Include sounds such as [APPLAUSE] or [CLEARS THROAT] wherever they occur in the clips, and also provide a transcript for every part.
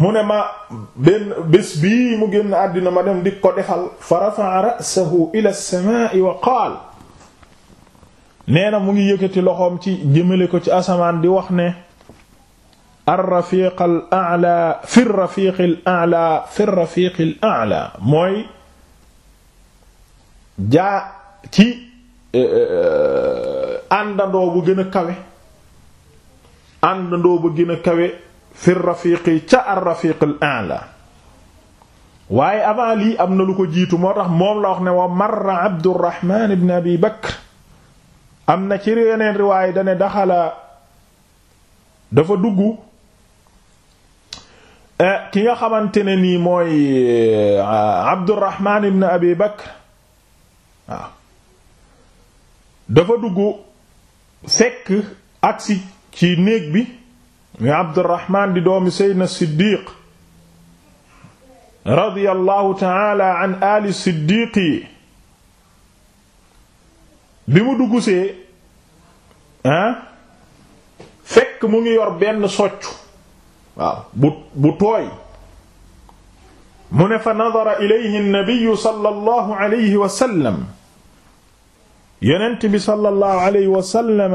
mu ne ma benn bés bii mu génn àddina ma dem di ko defal fa rafa'a ra'sahu ila as wa qaal nee mu ngi yëkkati loxoom ci jëmale ko ci asamaan di wax ne ar-rafiq al-a'la fi ar-rafiq ala ala mooy jaa ci eh, eh, àndandoo bu gën kawe àndandoo bu gën a kawe fi rafiqi ca ar rafiq al waaye avant lii am na lu ko jiitu moo tax moom la wax ne wa marra abdurrahman ibn abi bakr am na ci yeneen riwaay dane daxala dafa dugg eh, ki nga xamante ne nii mooy eh, abdurrahman ibn dafa dugg fekk agsi ci néeg bi mi Abdurrahmaan di doomi Seydina Siddiq radiyallahu taala an ali Siddiq yi bi mu duggsee ah fekk mu ngi yor benn soccu waaw bu bu tooy mu ne fa nadara ilayhi an-nabiy sallallahu alayhi wa sallam yonent bi sallallahu alayhi wa sallam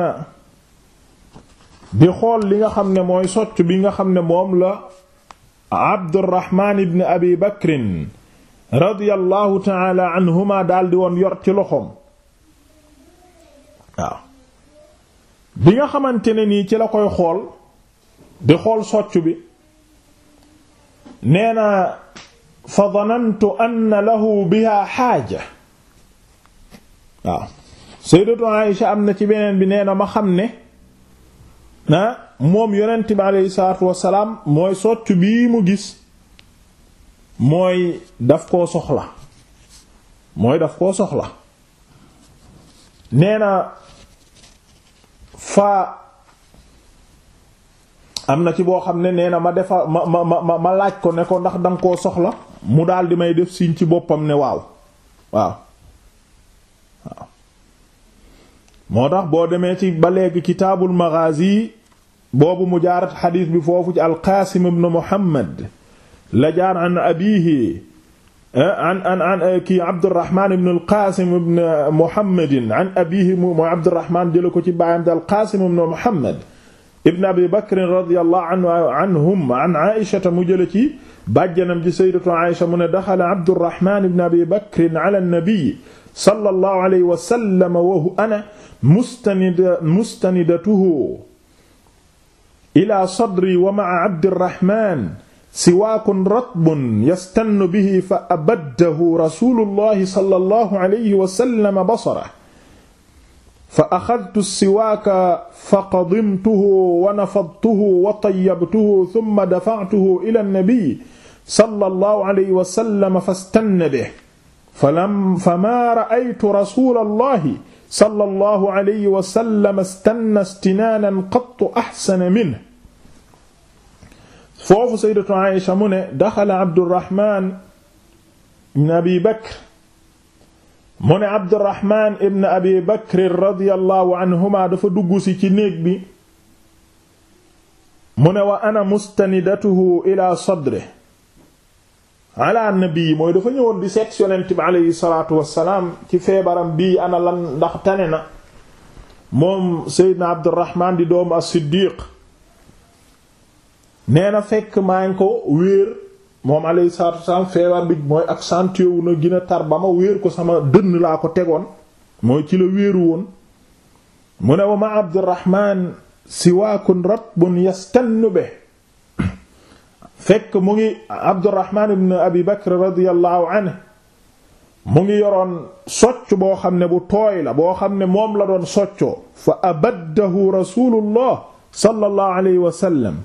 di xool li nga xam ne mooy socc bi nga xam ne moom la Abdurrahman ibn Abi Bakrin radiyallahu taala anhuma daldi woon yor ci loxoom waaw bi nga xamante ne nii ci la koy xool di xool socc bi nee na fa danantu anna lahu biha xaaja waaw sayyidatu am na ci beneen bi nee na ma xam ne ah moom yonent bi aleyhi salaatu wasalaam mooy socc bii mu gis mooy daf koo soxla mooy daf koo soxla nee na fa am na ci boo xam ne nee na ma defa ma ma ma ma laaj ko ne ko ndax danga koo soxla mu daal di may def signe ci boppam ne waaw waaw waaw moo tax boo demee ci ba léegi kitaabul maghazi boobu mu jaarat xadiis bi foofu ci alqaasim ibn muhammad la jaar an abiihi eh, an an an eh, kii abdurrahman ibn alqaasim ibn muhammadin an abiihi mooy abdurrahman jële ko ci baayam di alqaasim ibn muhammad ibn abi bakrin radiyallahu anhum an aishata mu jële ci bàjjanam ci sayyidatu aisha mu ne daxala abdurrahman ibn abi bakrin ala nabi sallallahu alayhi wa sallam wa ana mustanida mustanidatuhu ila sadri wa ma'a abdirrahman siwaakun ratbun yastannu bihi fa abaddahu rasulullahi sallallahu alayhi wa sallam basara fa axadtu siwaaka faqadimtuhu wa nafadtuhu wa tayyabtuhu thumma dafa'tuhu ila nabi sallallahu alayhi wa sallam fastanna bihi famaa ra'aytu rasulallahi sallallahu alayhi wa sallam istanna istinaanan qattu ahsana minhu foofu sayyidatu Aïsha mu ne daxala Abdurrahman ibn Abi Bakr mu ne Abdurrahman ibn Abi Bakr radiyallahu anhuma dafa dugg si ci néeg bi mu ne wa ana mustanidatuhu ila sadrihi ala nabi mooy dafa ñëwoon di seet yonent bi aleyhi salaatu wassalaam ci feebaram bii ana lan ndax tane na moom Seydina Abdurrahman di doomu as-Siddiq nee na fekk maa ko wéer moom aleyhi salaatu wassalaam feebar bi mooy accentué wu na gën a ba ma wéer ko sama dënn laa ko tegoon mooy ci la wéeru woon mu ne wa ma Abdurrahman siwaakun ratbun yastannu bihi fekk mu ngi Abdurrahman ibn Abi Bakr radiyallahu anhu mu ngi yoroon socc boo xam ne bu tooy la boo xam ne moom la doon soccoo fa abaddahu rasulullah sallallahu alayhi wa sallam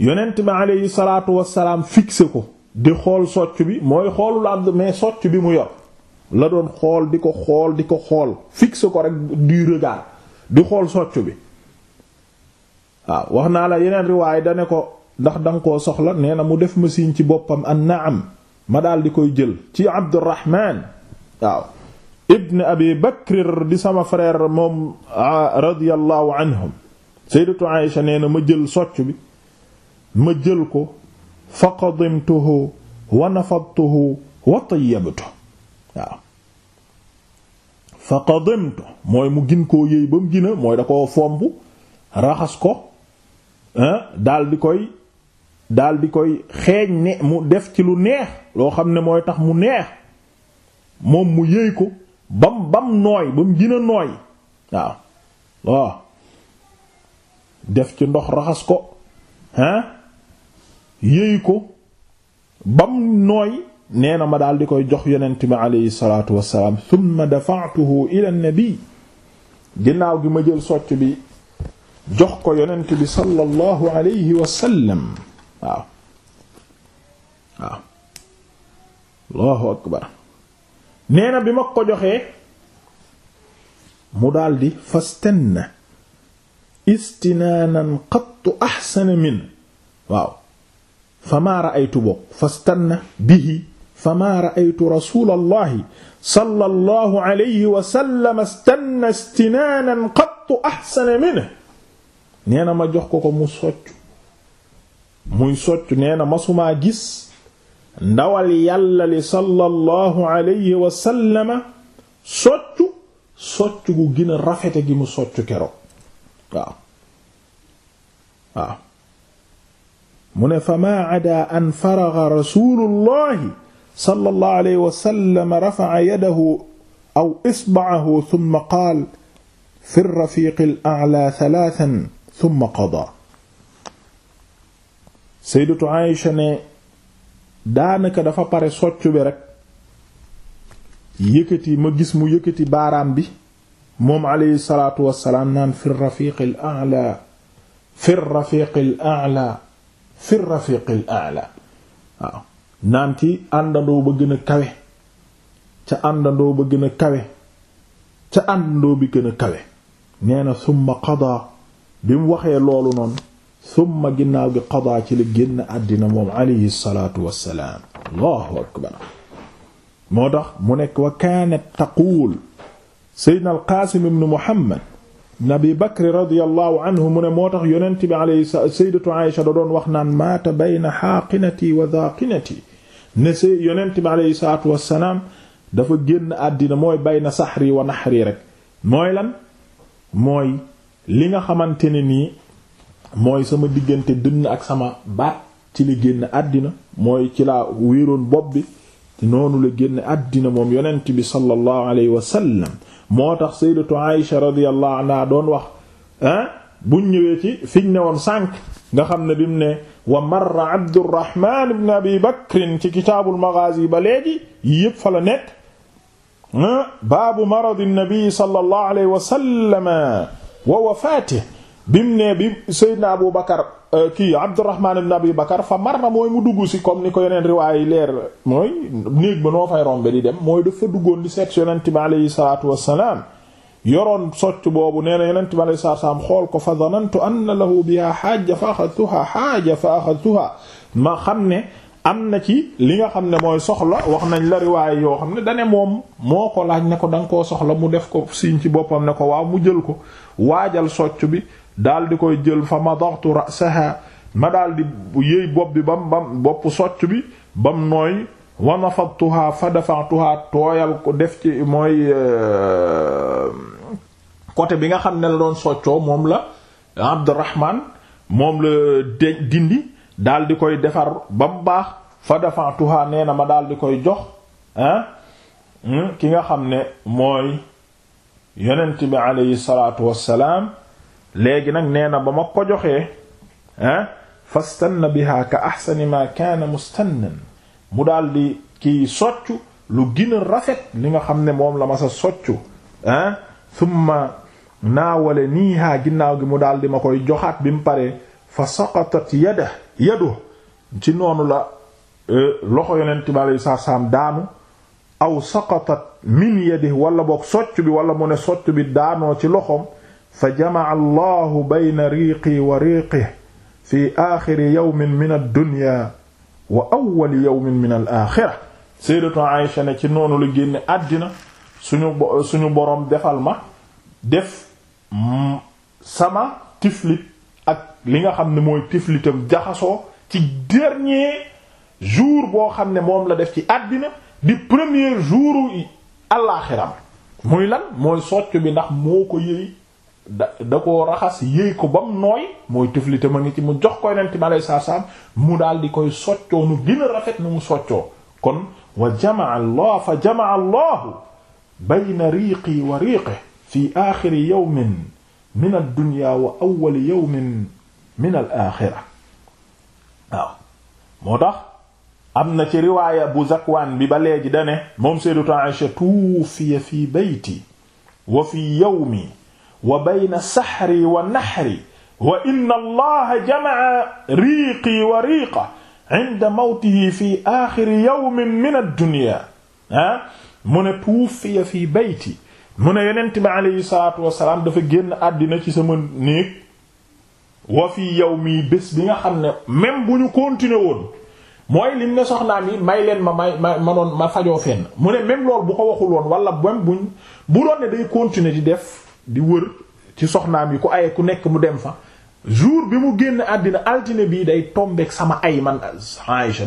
yonent bi alayhi salaatu wasalaam fixé ko di xool socc bi mooy xoolul abd mais socc bi mu yor la doon xool di ko xool di ko xool fixé ko rek du regard di xool socc bi wax naa la yeneen riwaay da ne ko ndax danga koo soxla nee na mu def ma signe ci boppam an naam ma daal di koy jël ci Abdurrahman waaw ibn abi bakr di sama frère moom ma jël socc ma jël ko fa qadimtuhu mu gin koo yëy ko fomb raxas ko daal di koy daal di koy xeeñ ne mu def ci lu neex loo xam ne mooy tax mu neex moom mu yëy ko bam bam nooy bam gina nooy waaw waaw def ci ndox raxas ko hein yëy ko bam nooy nee na ma daal di koy jox yonent bi aleyhi salaatu wassalaam thumma dafa'tuhu ila nabi ginnaaw gi ma jël socc bi jox ko yonent bi sallallahu alayhi waaw waaw allahu akbar nee na bi ma ko joxee mu daldi fastanna istinaanan qattu axsana min waaw famaa ra'aytu bokk fastanna bihi famaa ra'aytu rasuulallahi sallallahu alayhi wa sallam istanna istinaanan qattu axsana minhu nee na ma jox ko ko mu soccu muy soccu nee na masumaa gis ndawal yàlla li sallallahu alayhi wa sallama soccu soccu gu gën a rafete gi mu soccu kero waaw waaw mu ne famaa ada an faraga rasulullahi sallallahu alayhi wa sallama rafa'a yadahu aw isba'ahu thumma qaala fi rafiqi al a'la thalathan thumma qadaa sayyidatu Aïsha ne daanaka dafa pare soccu bi rekk yëkkati ma gis mu yëkkati baaraam bi moom alayhi salaatu wassalaam naan fi rafiqil a'la fi rafiqil a'la waaw naan ci àndandoo ba gën a kawe ca àndandoo ba gën a kawe ca àndandoo bi gën a kawe nee na summa qada bi mu waxee loolu noonu summa ginnaaw gi qadaa ci la génn àddina moom alayhi salaatu wassalaam allahu akbar moo tax mu nekk wa kaanat taquul seydna alqaasim ibn muhammad ibn abi bakr radiyallahu anhu mu ne moo tax yonent bi alayhi sayyidatu aisha da doon wax naan maata bayna xaaqinati wa daaqinati ne sey yonent bi alayhi salaatu wassalaam dafa génn àddina mooy bayna saxri wa naxri rek mooy lan mooy li nga xamante ne nii mooy sama diggante dënn ak sama baat ci la génn àddina mooy ci laa wéeroon bopp bi noonu la génn àddina moom yonent bi sallallahu alayhi wa sallam moo tax sayyidatu Aïsha radiyallahu anha doon wax buñ ñëwee ci fiñ ne woon sànq nga xam ne bimu ne wa marra Abdurrahman ibn Abi Bakr ci kitaabul maghazi ba léegi yépp fa nekk baabu maradi nabi sallallahu alayhi wa sallam wa wafaatihi bim ne bi Seydina Abu Bakar euh, kii Abdurrahman ibn Abi Bakar fa mar na mooy mu dugg si comme ni ko yeneen riwaay yi leer mooy néeg ba noo fay rombe di dem mooy dafa duggoon di seet si yonent bi aleyhi salaatu yoroon socc boobu nee na yonent bi aleyhi xool ko fa zanantu anna lahu biha xaaja fa axadtuha xaaja fa axadtuha ma xam ne am na ci li nga xam ne mooy soxla wax nañ la riwaay yoo xam ne dane moom moo ko laaj ne ko da koo soxla mu def ko siiñ ci boppam ne ko waaw mu jël ko waajal socc bi daal di koy jël fa madaghtu ra'saha ma daal di yëy bopp bi bam bam bopp socc bi bam nooy wa nafadtuha fa dafa'tuha tooyal ko def ci mooy euh, côté bi nga xam ne la doon soccoo moom la Abdurrahman moom la dindi daal di koy defar ba mu baax fa dafa'tuha nee na ma daal di koy jox ah ki nga xam ne mooy yonent bi aleyhi salaatu wassalaam léegi nag nee na ba ma ko joxee ah fastanna biha ka ahsani ma kaana mustannan mu daldi kii soccu lu gën rafet li nga xam ne moom la ma sa soccu ah thumma naawale niihaa ginnaaw gi mu daldi ma koy joxaat bi mu paree fa saqatat yada yadu ci noonu la euh, loxo yonent bi alei saatu daanu aw saqatat min yadihi wala boog soccu bi wala mu ne soccu bi daanoo ci loxoom fa jamaa allahu bayna riiqi wa riiqih fi axiri yawmin min ad-dunya wa awwali yawmin min al-axira sayyidatu ne ci noonu la génne addina suñu suñu boroom defal ma def sama tiflit ak li nga xam ne mooy tiflitam jaxasoo ci dernier jour boo xam ne moom la def ci àddina di premier jouru àllaaxiram muy lan mooy socc bi ndax moo ko yëy da da koo raxas yéy ko ba mu nooy mooy tëflite ma ngi ci mu jox koy nenti ma mu daal di koy soccoo nu gën rafet nu mu soccoo kon wa jamaa allah fa jamaa allahu bayna riiqi wa riiqi fi aaxiri yawmin min ad wa awwali yawmin min al moo tax am na ci riwaaya bu zakwaan bi ba léegi dane moom sayyidatu Aisha tuufiya fi bayti wa fi yawmi wa bayna saxri wa naxri wa inna allaha jamaca riiqii wa riiqa inda mawtihi fi axiri yawmin min addunya ah mu ne tuwuffiya fii bayti mu ne yonent bi aleyhi salaatu wasalaam dafa génn àddina ci sama néeg wa fii yawmi bés bi nga xam ne même bu ñu continuer woon mooy lim ne soxnaam yi may leen ma may ma ma doon ma fajoo fenn mu ne même loolu bu ko waxul woon wala même buñ bu doon ne day continuer di def di wër ci soxnaam yi ku ay ku nekk mu dem fa jour bi mu génn àddina altine bii day tombeek sama ay man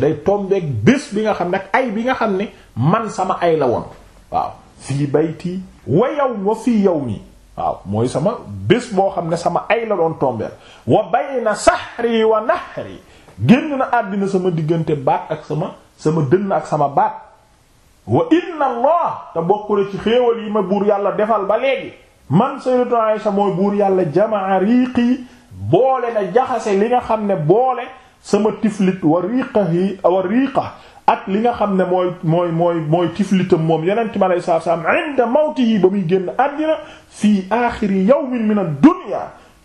day tombeek bés bi nga xam ne ay bi nga xam ne man sama ay la woon waaw fii bayti wa yow wa fii yawmi waaw mooy sama bés boo xam ne sama ay la doon tombeel wa bayna sahri wa nahri génn na àddina sama diggante baat ak sama sama dënn ak sama baat wa inna allah te bokku na ci xéewal yi ma buur yàlla defal ba léegi man sayyidatu Aisha mooy buur yàlla jamaa riiqi boole na jaxase li nga xam ne boole sama tiflit wa riiqa ak li nga xam ne mooy mooy mooy moom yonent mi alayhi salaatu salaam inda mawtihi ba muy génn àddina fii aaxiri yawmin min ad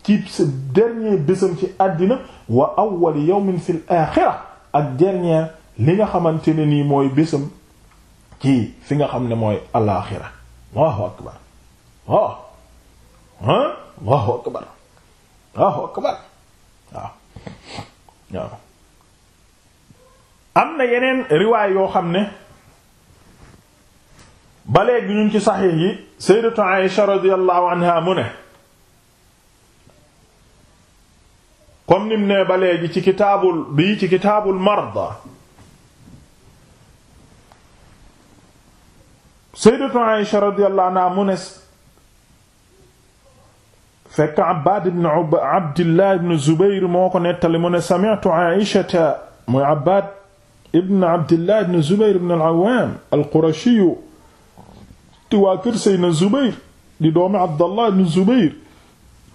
ci sa dernier ci àddina wa awwali yawmin fil aaxira ak dernier li nga xamante ne nii mooy bésam ci fi nga xam ne mooy al ah Allahu akbar Allahu akbar waaw waaw am na yeneen riwaay yoo xam ne ba bi ñun ci saxiix yi sayyidatu Aisha radiyallahu anha mu ne comme nim ne ba léegi ci kitaabul bii ci kitaabul marda sayyidatu Aisha radiyallahu anha mu ne fekk Abbaad ibn Abdillah ibn Zubayr moo ko nettali mu ne sami'tu Aïshata mooy Abbaad ibn Abdillah ibn Zubayr ibn al-Awwaam al-Qurashi ti waa kër Seydina Zubayr di doomi Abdallah ibn Zubayr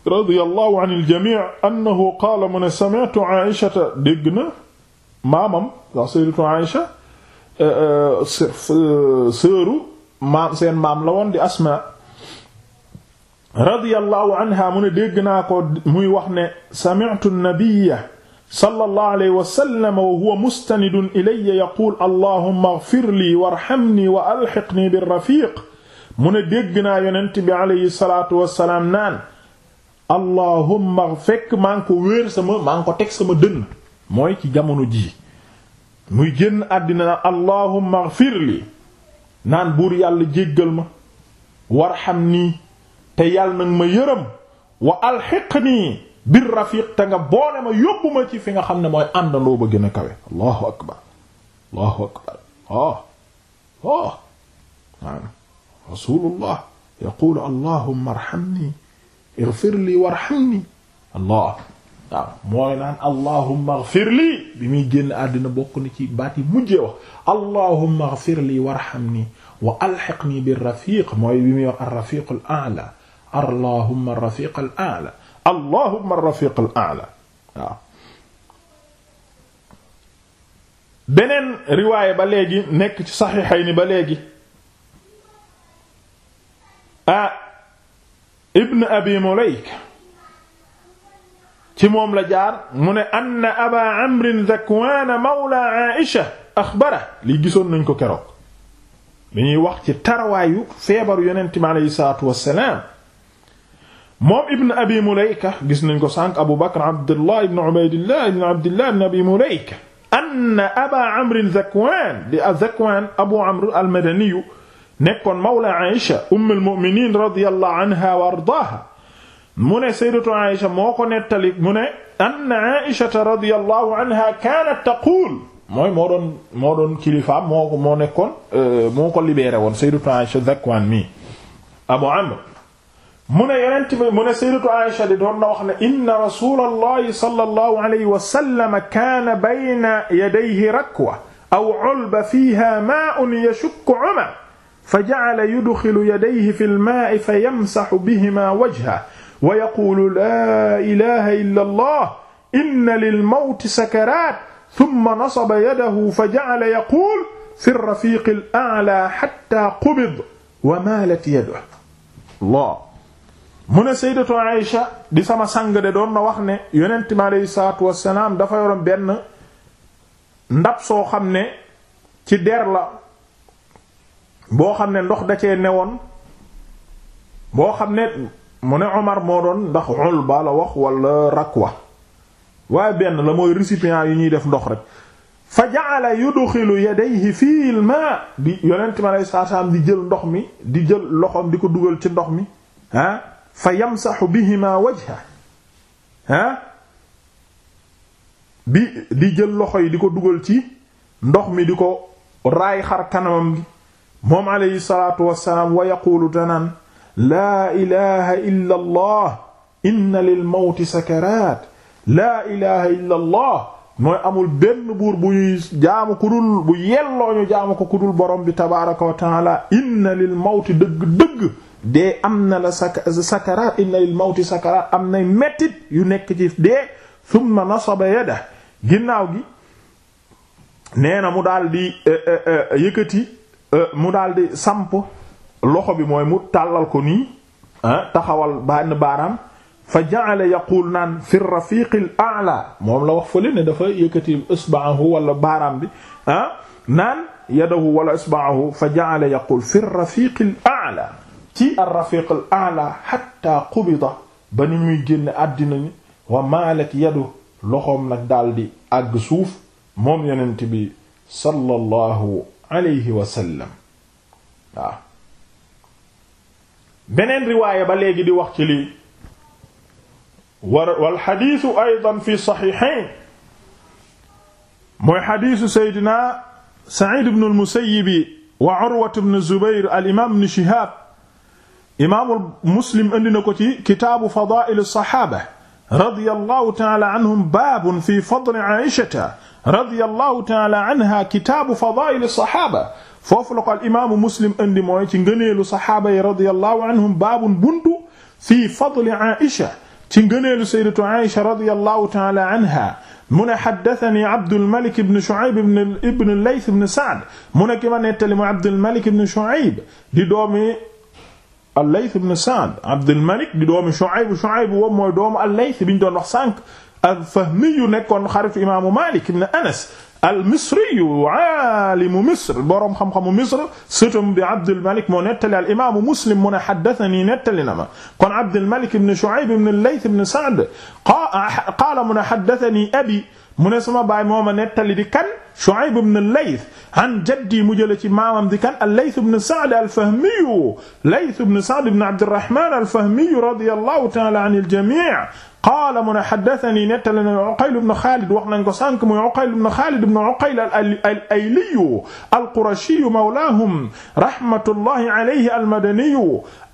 radiyallahu anil jamii' annahu qaala mu ne sami'tu Aïshata dégg na maamam ndax Sayyidatu Aïsha euh, euh, sëru euh, maam seen maam la woon di Asmaa radiyallahu anha mu ne dégg naa ko muy wax ne sami'tu an-nabiyya sallallahu alayhi wa sallam wa huwa mustanidun ilayya yaqul allahumma ighfir li warhamni wa alhiqni bir-rafiq mu ne dégg naa yonent bi alayhi salaatu wa salaam naan allahumma fekk maa ngi ko wéer sama maa ngi ko teg sama dënn mooy ci jamono ji muy génn àddina naan allahumma ighfir li naan buur yàlla jéggal ma warhamni te yàlla nag ma yërëm wa alxiqnii bir rafiq te nga boole ma yóbbu ma ci fi nga xam ne mooy àndandoo ba gën a kawe allahu akbar allahu akbar ah ah rasulullah allah mooy naan allahumma ighfir li bi muy génn àddina bokk na ci baat yi mu wax allahumma ighfir li warhamni wa alhiqni bir rafiq mooy bi muy wax ar rafiq al allahumma rafiq al a'la allahumma rafiq al a'la waaw beneen riwaaya ba léegi nekk ci saxiixayni ba léegi ah ibn abi mulayka ci moom la jaar mu ne anna aba amrin zakwaana mawla aisha axbara lii gisoon nañ ko keroog dañuy wax ci tarawaayu feebaru yonent mi aleyhi salaatu wassalaam moom ibn abi mulayka gis nañ ko sànq abu bakr abdullah ibn ubaydillah ibn abdillah ibn abi mulayka anna aba amr zakwan di zakwan abu amr almadaniyu nekkoon mawla aïsha umm almuminin radiyallahu anha wa ardaha mu ne sayyidatu aïsha moo ko nettali mu ne anna aïshata radiyallahu anha kanat taqul mooy moo doon moo doon kilifa moo ko moo nekkoon euh, moo ko libéré woon sayyidatu aïsha zakwan mi abu amr mu ne yonent bi mu ne sayyidatu Aisha di doon na wax ne inna rasulallahi sallallahu alayhi wa sallam kaana bayna yadayhi rakwa aw ulba fiha maa'un yashukku umma fa ja'ala yudkhilu yadayhi fil maa'i fa yamsahu bihimaa wajhahu wa yaquulu laa ilaaha illallah inna lil mawti sakaraat thumma nasaba yadahu fa ja'ala yaquulu fi rafiiqil a'laa hattaa qubida wa maalat yaduhu mu ne sayyidatu Aïsha di sama sang de doon na wax ne yonent mi aleyhi salaatu wassalaam dafa yoroon benn ndab soo xam ne ci der la boo xam ne ndox da ne woon boo xam ne mu ne Omar moo doon ndax ulba la wax wala rakwa waaye benn la mooy récipient yi ñuy def ndox rek fa ja'ala yudxilu yadayhi fi al ma di yonent mi aleyhi salaatu wassalaam di jël ndox mi di jël loxoom di ko dugal ci ndox mi ah fa yamsaxu bihima wajha ah bi di jël loxo yi di ko dugal ci ndox mi di ko raay xar kanamam gi moom alayhi salaatu wassalaam wa yaquulu tanaan laa ilaha illa allah inna lil mawti sakaraat laa ilaha illa allah amul benn buur bu ñuy jaamu ñu jaamu ko ku dul borom bi tabaaraka wa taala lil mawti dëgg-dëgg dee am na la sak sakaraat inna lil mawti sakaraat am nay mettit yu nekk ci dee thumma nasaba yada ginnaaw gi nee na mu daal di eh, eh, eh, yëkkati mu daal di samp loxo bi mooy mu tàllal ko nii ah, taxawal benn baaraam fa ja'ala yaqul naan fi rafiq al moom la wax fële ne dafa yëkkati isba'ahu wala baaraam bi ah naan yadahu wala isba'ahu fa ja'ala yaqul fi rafiq al ci ar-rafiq al-a'la hatta qubida ba ni muy génn àddina ni wa maalat yadu loxoom nag daldi àgg suuf moom yonent bi sallallahu alayhi wa sallam waaw beneen riwaaya ba léegi di wax ci lii wal xadiisu aydan fi saxiixayn mooy xadiisu Seydina Saciid ibn al-Musayyib wa Urwa ibn Zubayr al-imaam ibn Shihaab imaamul muslim indi na ko ci kitaabu fadaa'il saxaaba radiyallahu ta'ala anhum baabun fi fadli Aysata radiyallahu ta'ala anha kitaabu fadaa'il saxaaba foofu la ko al imaamu muslim indi mooy ci ngëneelu saxaaba yi radiyallahu anhum baabun buntu fi fadli Aysha ci ngëneelu sayyidatu Aysha radiyallahu ta'ala anha mu ne xaddatani Abdulmalik ibn Shuayb ibn Layth ibn Sa'd mu ne ki ma nettali mu Abdulmalik ibn Shuayb di doomi al-Layth ibn Sa'd Abdul Malik di doomi Shu'ayb Shu'ayb boobu mooy doomu al-Layth bi ñu doon wax sànq al-Fahmi yu nekkoon xaritu imaamu Malik ibn Anas al-Misri aalimu Misr boroom xam-xamu Misr sëtam bi Abdul Malik moo nettali al-imaamu Muslim mu ne haddathanii nettali na ma kon Abdul Malik ibn Shu'ayb ibn al-Layth ibn Sa'd qaala mu ne haddathanii abi mu ne sama baay moo ma nettali di kan Shu'ayb ibn al-Layth an jaddi mu jële ci maamam di kan al-Layth ibn Sa'd al-Fahmi Layth ibn Sa'd ibn Abdirrahman al-Fahmi radiyallahu ta'ala anil jami' qaala mu ne haddathani nettali na Uqayl ibn Khalid wax nañ ko sànq muy Uqayl ibn Khalid ibn Uqayl al-Ayli al-Qurashi mawlahum rahmatullahi alayhi al-Madani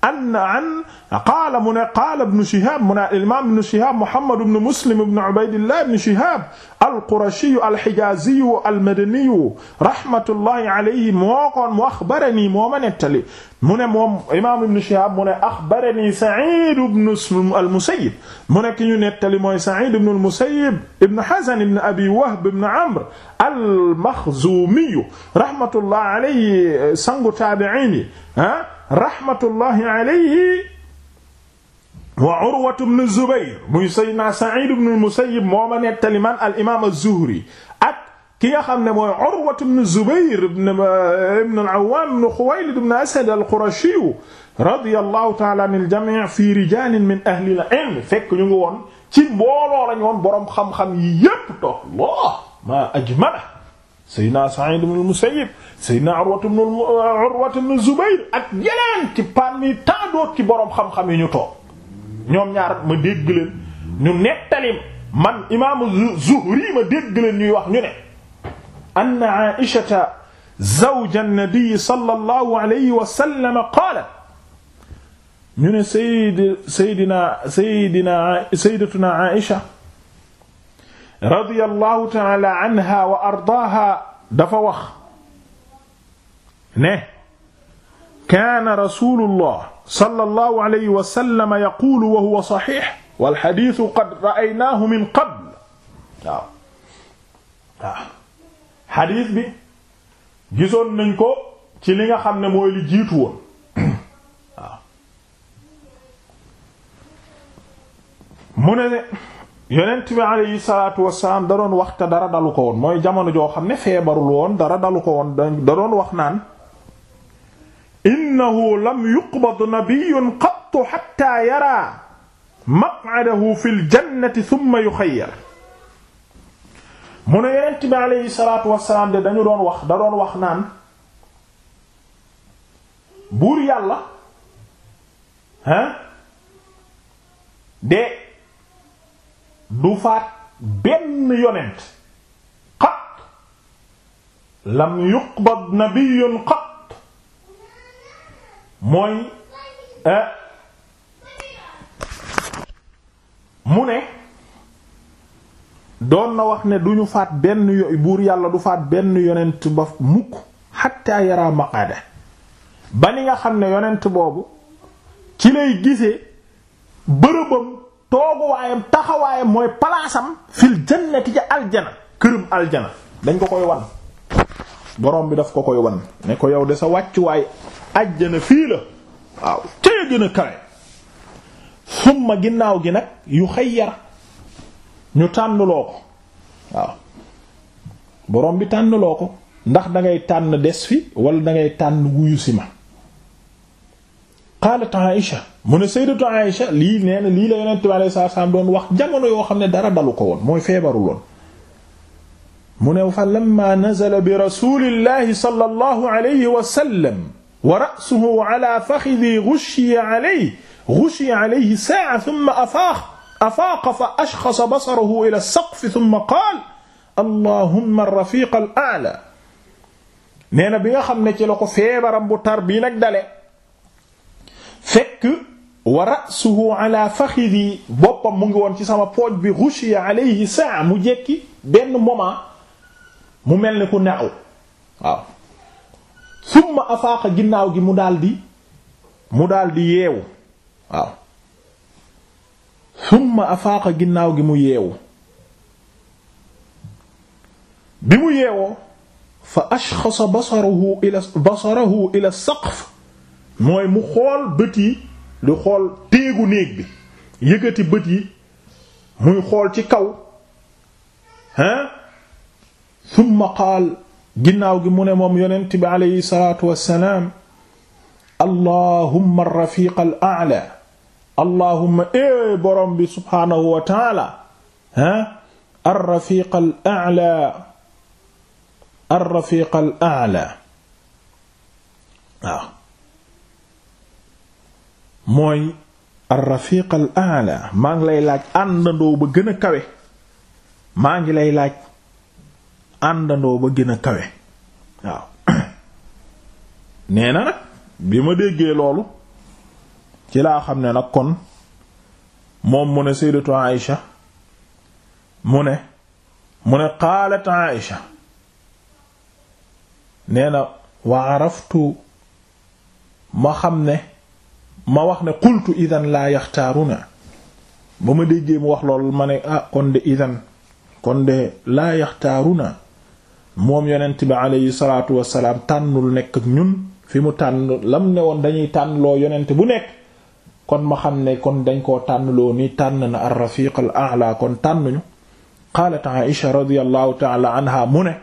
an an qaala mu ne qaala ibnu Shihab mu ne al-imaam ibnu Shihab Muhammad ibnu Muslim ibnu Ubaydillah ibnu Shihab al-Qurashiyu al-Hijaaziyu al-Madaniyu rahmatullahi alayhi moo koon mu axbarani moo ma nettali mu ne moom imaam ibnu Shihab mu ne axbarani Sa'iid ibnu al-Musayyib mu ne ki ñu nettali mooy Sa'iid ibnu al-Musayyib ibnu Hazn ibnu Abi Wahb ibnu Amr al-Makhzuumiyu rahmatullahi alayhi sangu taabi'iin yi raxmatullahi alayhi wa urwatu bnu zubair muy sayyidina said bnu al-musayyib moo ma nettali man al imam az-zuhri ak ki nga xam ne mooy urwatu bnu zubair ibnu eh, al-awwam bnu xuwaylid bnu asad al-qurashi radiyallahu ta'ala anil jami' fi rijalin min ahli al-ilm fekk ñu ngi woon ci mbooloo lañ woon boroom xam-xam yi yépp toog Allah ma ajmala Seydina Sa'id ibn al-Musayyib Seydina Urwa ibn euh, Urwa ibn Zubayr ak yeneen ci parmi tant d'autres ci boroom xam-xam yi ñu toog ñoom ñaar ma dégg leen ñu nettali man imaamu Zuhri ma dégg leen ñuy wax ñu ne anna Aïshata zawja an-nabi sallallahu alayhi wa sallam qaalat ñu ne Seydina Seydina Sayyidatuna Aïsha radiyallahu taala anha wa ardaaha dafa wax ne kaana rasulullah sallallahu alayhi wa sallam yaqulu wa huwa saxiix wal xadiisu qad ra'aynaahu min qabl waaw waaw xadiis bi gisoon nañ ko ci li nga xam ne mooy li jiitu woon waaw mu ne yonent bi alayhi salaatu wasalaam da doon wax te dara dalu ko woon mooy jamono joo xam ne feebarul woon dara dalu ko woon da doon wax naan innahu lam yuqbad nabiyyun qattu hatta yara maq'adahu fil jannati thumma yukhayyar mu ne yonent bi alayhi salaatu wasalaam de dañu doon wax da doon wax naan buur yàlla ah de du faat benn yonent qat lam yuqbad nabiyyun qat mooy eh, mu ne doon na wax ne duñu faat benn yo buur yàlla du faat benn yonent ba mukk xatta yara maqaada ba ni nga xam ne yonent boobu ci lay gisee bërëbam tooguwaayam taxawaayam mooy palaasam fil jannati ca aljana këram aljana dañ ko koy wan borom bi daf ko koy wan ne ko yow de sa wàccuwaay ajjana fii la waaw ca gën a kawe summa ginnaaw gi nag yu yar ñu tànnloo ko waaw borom bi tànnloo ko ndax da ngay tànn des fi wala dangay tànn wuyu si ma qaalat Aïcha mu ne sayyidatu Aïcha lii nee na lii la yonent bi alayhi salaam doon wax jamono yoo xam ne dara dalu ko woon mooy feebaru loon mu ne fa lamma nazala bi rasulillahi sallallahu alayhi wa sallam wa ra'suhu ala fakhidhi ghushiya alayhi ghushiya alayhi sa'a thumma afaaqa afaaqa fa ashkhasa basarahu ila as-saqf thumma qaala allahumma ar-rafiq al-a'la nee na bi nga xam ne ci la ko feebaram bu tar bii nag dale fekk wa ra'suhu boppam mu ngi woon ci sama pooj bi ghushiya alayhi saa mu jekki benn moment mu mel ni ku naaw waaw summa afaaqa ginnaaw gi mu daldi mu daldi yeewu waaw summa afaaqa ginnaaw gi mu yeewu bi mu yeewoo fa ashxasa basarahu ila basarahu ila saqf mooy mu xool bëti yi lu xool téegu néeg bi yëkkati bët yi muy xool ci kaw hein summa qaal ginnaaw gi mu ne moom yonent bi aleyhi salaatu wassalaam allahumma rafiqa al a'la allahumma é eh, borom bi subhaanahu wa taala al a'la al a'la mooy ar-rafiq maa ngi lay laaj àndandoo ba gën a kawe maa ngi lay laaj àndandoo ba gën a kawe waaw [COUGHS] nee na nag bi ma déggee loolu ci laa xam ne nag kon moom mu ne sayyidatu Aïsha mu ne mu ne qaalat Aïsha nee na wa araftu ma xam ne ma wax ne qultu idan laa yaxtaaruna ba ma déggee mu wax lool ma ne ah, kon de idan kon de laa yaxtaaruna moom yonent bi aleyhi salaatu wasalaam tànnul nekk ak ñun fi mu tànn lam ne woon dañuy tànn loo yonent bu nekk kon ma xam ne kon dañ ko tànn loo ni tànn na ar-rafiq al-a'la kon tànnuñu qaalat Aïsha radiyallahu ta'ala anha mu ne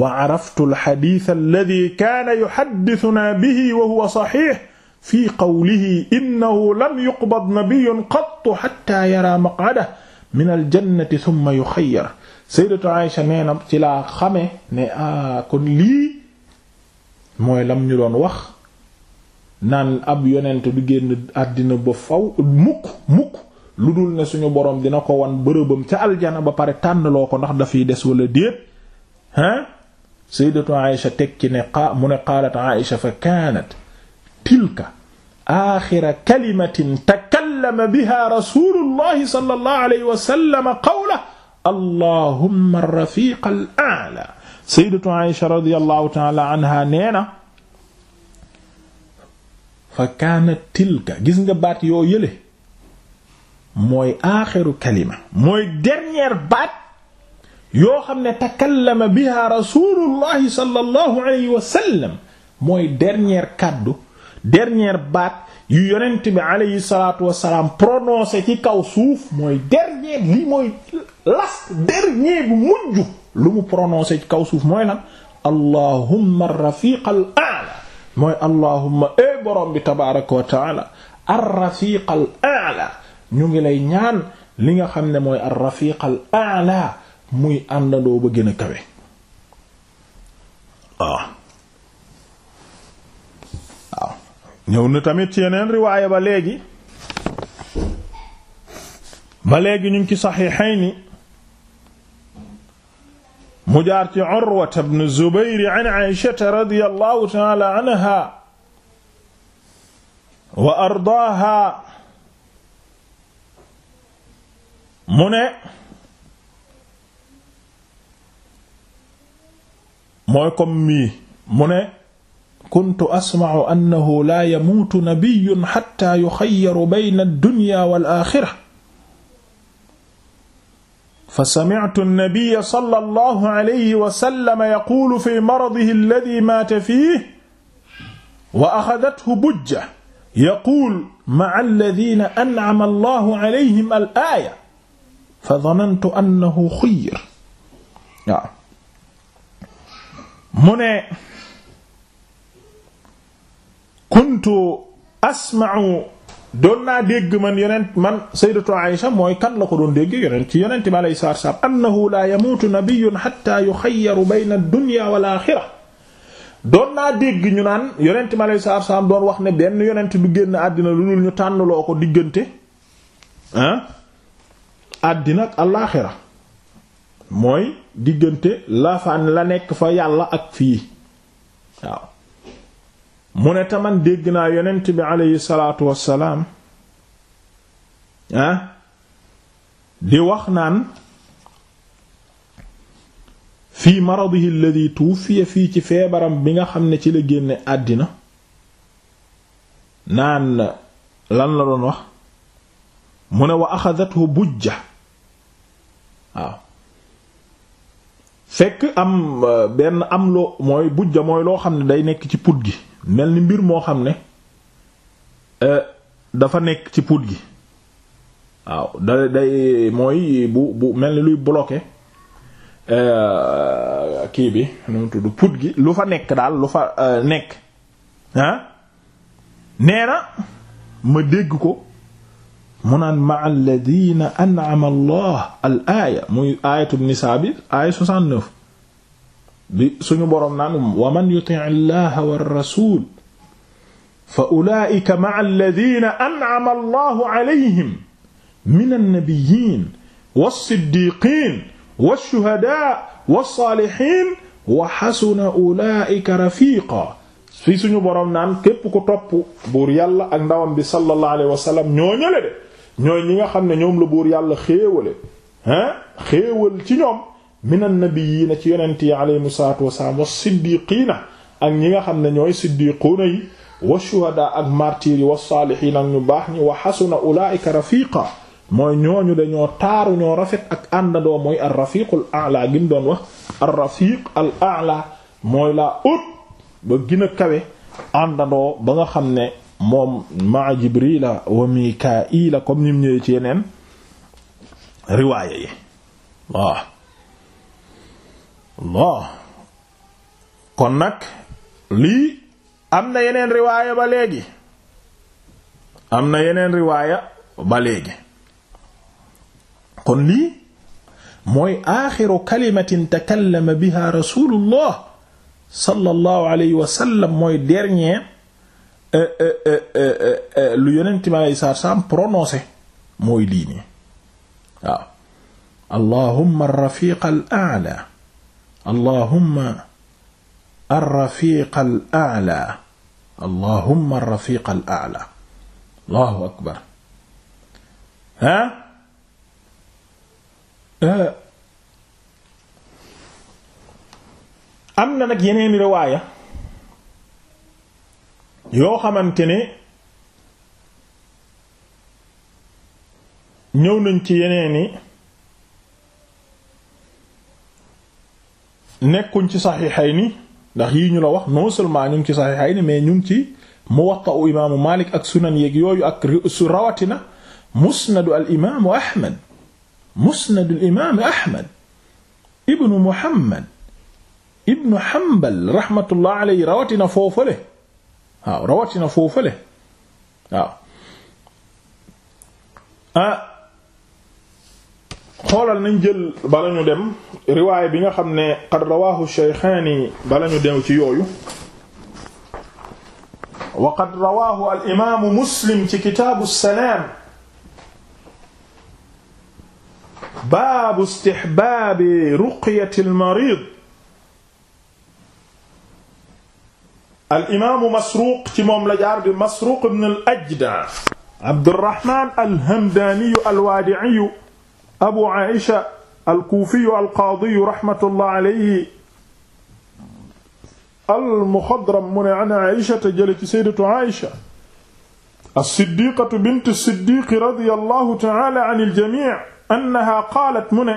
wa araftu al-hadith alladhi kana yuhaddithuna bihi wa huwa sahih fi qawlihi innahu lam yuqbad nabiyyun qattu hatta yara maq'adahu min aljannati thumma yukhayyar sayyidatu Aisha nee na ci laa xamee ne a ah, kon lii mooy lam ñu doon wax naan ab yonent du génn àddina ba faw mukk mukk lu dul ne suñu borom dina ko wan bërëbam ca aljana ba pare tànnloo ko ndax dafiy des walla déet hein sayyidatu Aisha teg ci ne mu qaalat Aisha fa kaanat tilka axira kalimatin takallama biha rasulullahi sallallahu alayhi wa sallam qawla allahumma rafiqa al a'la sayyidatu Aisha radiyallahu ta'ala anha neena fa kaanat tilka gis nga baat yoo yële mooy aaxiru kalima mooy dernière baat yoo xam ne takallama biha rasulullahi sallallahu alayhi wa sallam mooy dernière kàddu dernière baat yu yonent bi aleyhi salaatu wassalaam prononcé ci kaw suuf mooy dernier li mooy last dernier bu mujj lu mu prononcé ci kaw suuf mooy lan allahumma rafiq al a'la mooy allahumma e borom bi tabaraka wa taala ar ñu ngi lay ñaan li nga xam ne mooy ar-rafiq al a'la muy àndandoo ba gën a kawe ah. ñëw na tamit ci yeneen riwaaya ba léegi ba léegi ñu ngi ci saxiixayni mu jaar ci Urwata ibn Zubayr an Aysata radiyallahu ta'ala anha wa ardaaha mu ne mooy comme mu ne kuntu asma'u annahu laa yamuutu nabiyyun hatta yukhayyaru bayna ad-dunya wal aaxira fa sami'tu an-nabiyya sallallahu alayhi wa sallam yaqulu fi maradihi alladhi maata fiihi wa axadathu bujja yaqulu ma'a alladhina an'ama allahu alayhim al-aaya fa dhanantu annahu xuyyir waaw mu ne kuntu asma'u doon naa dégg man yonent man sayyidatu Aisha mooy kan la ko doon dégg yonent ci yonent bi alayhi salaatu wa salaam annahu la yamuutu nabiyyun hatta yukhayyaru bayna ad-dunya wal aaxira doon naa dégg ñu naan yonent bi alayhi salaatu wa salaam wax ne benn yonent du génn àddina lu dul ñu tànnloo ko diggante ah àddina ak alaaxira mooy diggante la fa la nekk fa yàlla ak fii waaw mu ne taman dégg naa yonent bi aleyhi salaatu wassalaam ah di wax naan fii maradihi alladhi tuwuffiya fii ci feebaram bi nga xam ne ci la génne àddina naan lan la doon wax mu ne wa axadathu bujja waaw fekk am benn am loo mooy bujja mooy loo xam ne day nekk ci put gi mel ni mbir moo xam ne euh, dafa nekk ci puut gi waaw da day mooy bu bu mel ni luy bloqué euh, kii bi nu mu tudd puut gi lu fa nekk daal lu fa euh, nekk ah nee na ma dégg ko mu naan ma alladina an'ama allah al muy aayatu nisaa bi aaya 69 bi suñu boroom naan wa man yuti llaha war rasul fa ulaika ma'a alladhina an'ama allahu alayhim min annabiyyin was-siddiqin wash-shuhada'i was-salihin wa hasuna ulaika rafiqa fii suñu boroom naan képp ku topp buur yàlla ak ndawam bi sallallahu alayhi wa sallam ñoo ñële de ñooy ñi nga xam ne ñoom la buur yàlla xéewale ah xéewal ci ñoom min annabiyina ci yonent yi aleyhim salaatu wasalaam wa siddiqiina ak ñi nga xam ne ñooy siddiquuna yi wa shuhada ak martyrs yi wa saalihiin ak ñu baax ñu wax xasuna ulaika rafiqa mooy ñooñu dañoo taaru ñoo rafet ak àndandoo mooy ar rafiqul a'la doon wax ar rafiq al a'la mooy la haute ba gën kawe àndandoo ba nga xam ne moom maa jibrila wa mikaila comme nim ñëwee ci yeneen riwaaya yi kon nag lii am na yeneen riwaaya ba léegi am na yeneen riwaaya ba léegi kon lii mooy aaxiru kalimatin takallama biha rasulullah sallallahu mooy dernier euh, euh, euh, lu yonent mi alayhi salaam prononcé mooy lii nii waaw allahumma rafiq al allahumma ar-rafiqa al-a'la allahumma ar-rafiqa al-a'la allahu akbar ha am na nag yeneeni riwaaya yoo xamante ne ñëw nañ ci yeneeni nekkuñ ci saxiixayni ndax yii ñu la wax non seulement ñu ngi ci saxiixayni mais ñu ngi ci muwatta u imaamu Maalik ak sunan yeeg yooyu ak su rawatina musnadu al imaamu Ahmad musnadu al imaamu Ahmad ibnu Muhammad ibnu Hanbal rahmatullah rawatina foofale waaw ah, xoolal nañ jël bala ñu dem riwaay bi nga xam ne qad rawaahu shaykhaani bala ñu dem ci yooyu wa qad rawaahu al imaamu muslim ci kitaabu salaam baabu istihbaabi ruqyati al mariid al imaamu masruuq ci moom la jaar di masruuq ibn al ajda abdurrahmaan al hamdaaniyu al waadi'iyu abu aisha alkuufiyu alqaadiyu raxmatullah alayhi almuxadram mu ne an aishata jële ci saydatu aisha alsiddiqatu bint siddiqi radi allahu taala an aljamic annaha qaalat mu ne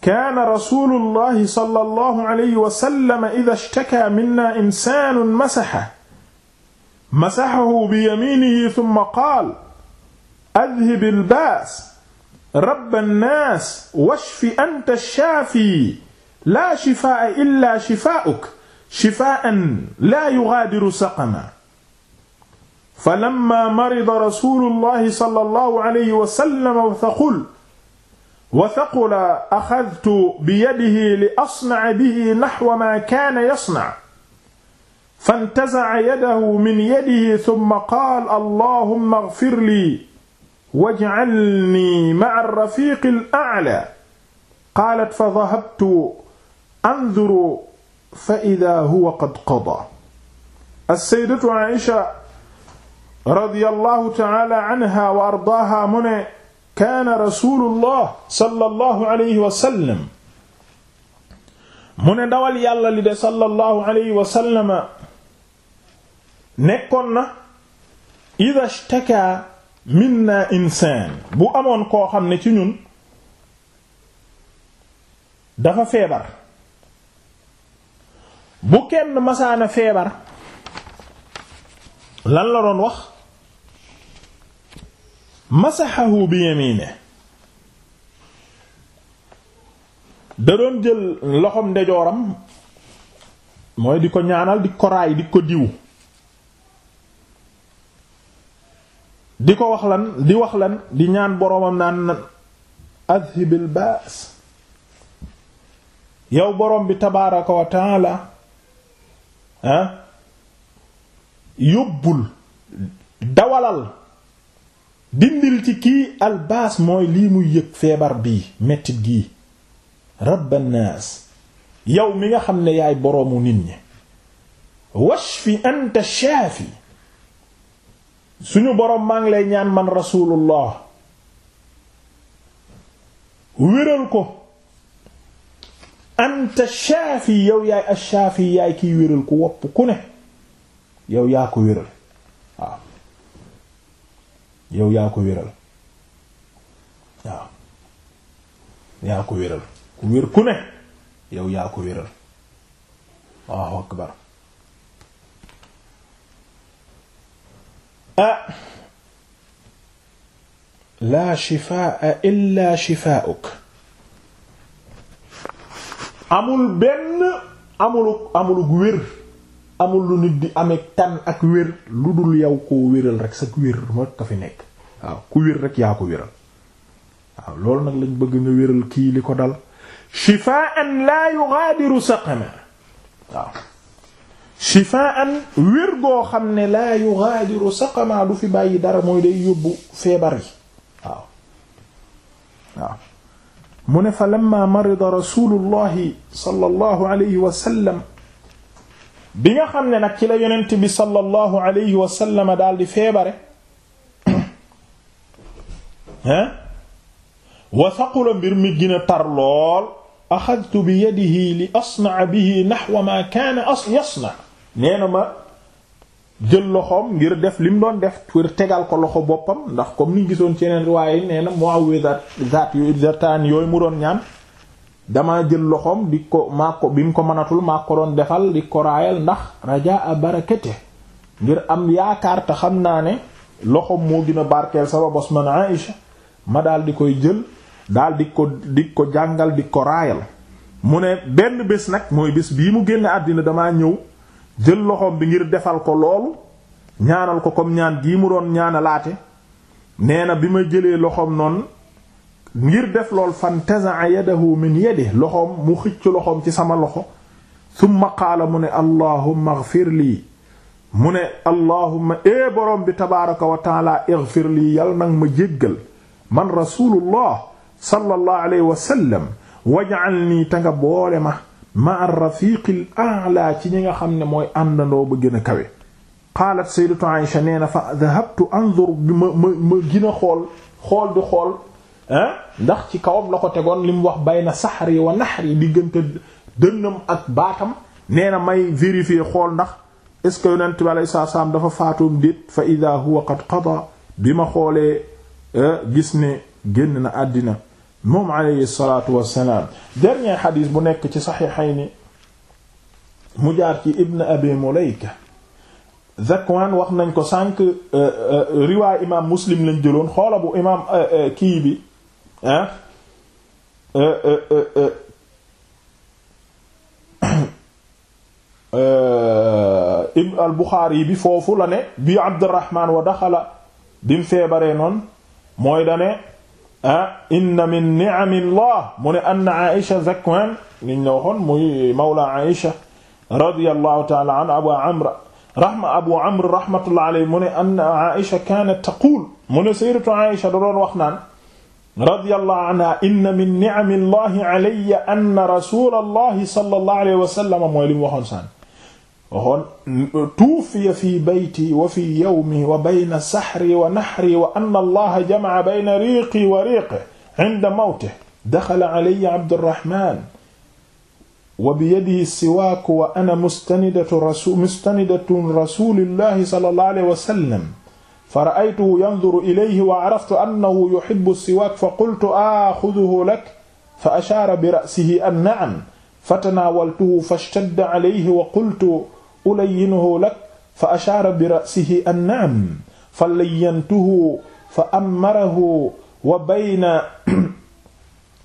kaana rasulu allahi sala allahu alayhi wasallam ida shtakaa minna insaanu masaxa masaxahu biyamiinihi summa qaal adhib al-baas rabb an-naas washfi anta ash-shaafi laa shifaa'a illaa shifaa'uk shifaa'an laa yughaadiru saqama falammaa marida rasuulullaahi sallallaahu alayhi wa sallam wathaqula wathaqula axadtu biyadihi li-asna'a bihi naxwa maa kaana yasna'u fantaza'a yadahu min yadihi thumma qaala allaahumma ighfir lii waj'alnii ma'a rafiiqi al-a'laa qaalat fa dhahabtu anzuru fa idaa huwa qad qadaa as-sayyidatu Aisha radiyallahu ta'ala anha wa ardaaha mu ne kaana rasuulullah sallallahu alayhi wa sallam mu ne dawal yàlla li de sallallahu alayhi wa sallam nekkoon na idaa ishtakaa minna insaan bu amoon koo xam ne ci ñun dafa feebar bu kenn masaana feebar lan la doon wax masaxahu bi yamine da doon jël loxoom ndejooram mooy di ko ñaanal di ko raay di ko diw di ko wax lan di wax lan di ñaan boromam naan adhibil baas yow borom bi tabaaraka wa taala ah yóbbul dawalal dindil ci kii albaas mooy lii muy yëg feebar bi mettit gi rabbanaas yow mi nga xam ne yaay boroomu nit ñi fi anta shaafi suñu boroom maa ngi lay ñaan man rasulullah wéral ko anta shaafi yow yaay ashaafi yaay wéral ku wopp ku ne yow yaa ko wéral yow yaa ko wéral ku wér ku ne yow yaa ko wéral waaw akbar ah laa shifaa illaa shifaa'uk amul benn amulu amuluk wér amul lu nit di amee tan ak wér lu dul yow koo wéral rek sa wér moo ko fi nekk waaw ku wér rek yaa ko wéral waaw loolu nag lañ bëgg nga wéral kii li ko dal shifaan laa yughadiru saqama waaw shifaan wér goo xam ne laa yughadiru saqama du fi bàyyi dara mooy day yóbbu feebar yi waaw waaw mu ne fa lamma marida rasulullahi sallallahu alayhi wa sallam bi nga xam ne nag ci la yonent bi sallallahu alayhi wa sallam daal di feebare ah [COUGHS] wa saqula mbir mi gën a tar lool axadtu bi yadihi li asna'a bihi nahwa ma kaana yasna' nee na ma jël loxoom ngir def li doon def pour tegal ko loxo boppam ndax comme niñ gisoon ci yeneen riwaaya yi nee na muawwizaat zataan yooyu mu doon ñaan dama jël loxoom di ko maa ko bi mu ko mënatul ma ko doon defal di ko raayal ndax rajaa barakate ngir am yaakaar te xam naa ne loxoom moo gën a barkeel sama bos man Aïcha ma daal di koy jël daal di ko di ko jàngal di ko raayal mu ne benn bés nag mooy bés bii mu génn àddina damaa ñëw jël loxoom bi ngir defal ko loolu ñaanal ko kom ñaan gii mu ñaana ñaanalaate nee na bi ma jëlee loxoom noon ngir def lool fantaza'a yadahu min yadihi loxoom mu xëcc loxoom ci sama loxo summa qaala mu ne allahumma ighfir lii mu ne allahumma ee borom bi tabaaraka wa taala ighfir lii yal nag ma jéggal man rasulullah sallallahu alayhi wa sallam waj'alni ta nga boole ma ma rafiqil a'la ci ñi nga xam ne mooy àndandoo ba gën a kawe qaalat sayyidatu Aisha nee na fa dhahabtu anzur ma ma ma xool xool di xool ah ndax ci kawam la ko tegoon li mu wax bayna saxri wa naxri diggante dënnam ak baatam nee na may vérifier xool ndax est-ce que yonent bi alayhi salaatu salaam dafa faatoom déet fa idha huwa qad qada bi ma xoolee gis ne génn na àddina moom alayhi salaatu wassalaam dernier xadis bu nekk ci saxiixayni mu jaar ci ibn abi mulayka Zakwaan wax nañ ko sànq euh, euh, riwaay imaam muslim lañ jëloon xoola bu imaam euh, kii bi ah ibn al Buxaari bi foofu la ne bi Abdurrahmaan wa daxala bi mu feebaree noonu mooy da ne ah inna min ni'amillah mu ne anna Aïcha Zakwan liñ la waxoon muy mawla Aïcha radiyallahu ta'ala anha Abu Amr rahma Abu Amr rahmatullahi alayhi mu ne anna Aïcha kaanat taqul mu ne sayyidatu Aïcha da doon wax naan radiyallahu anha inna min ni'amillahi alayya anna rasulallahi sallallahu alayhi wa sallam mooy li mu waxoon sànni waxoon tuufiya fi bayti wa fi yawmi wa bayna sahri wa nahri wa anna allaha jamaca bayna riiqi wa riiqi cinda mawtihi daxala calaya abdurraxmaan wa biyadihi siwaaku wa ana mustanidatu rasul mustanidatun rasulillahi sallallahu alayhi wa sallam fa ra'aytuhu yanzuru ilayhi wa caraftu annahu yuhibbu siwaak fa qultu aaxuduhu lak fa ashaara bi ra'sihi an nacam fa tanaawaltuhu fashtadda calayhi wa qultu ulayyinuhu lak fa ashaara bi ra'sihi an na'am fa layyantuhu fa ammarahu wa bayna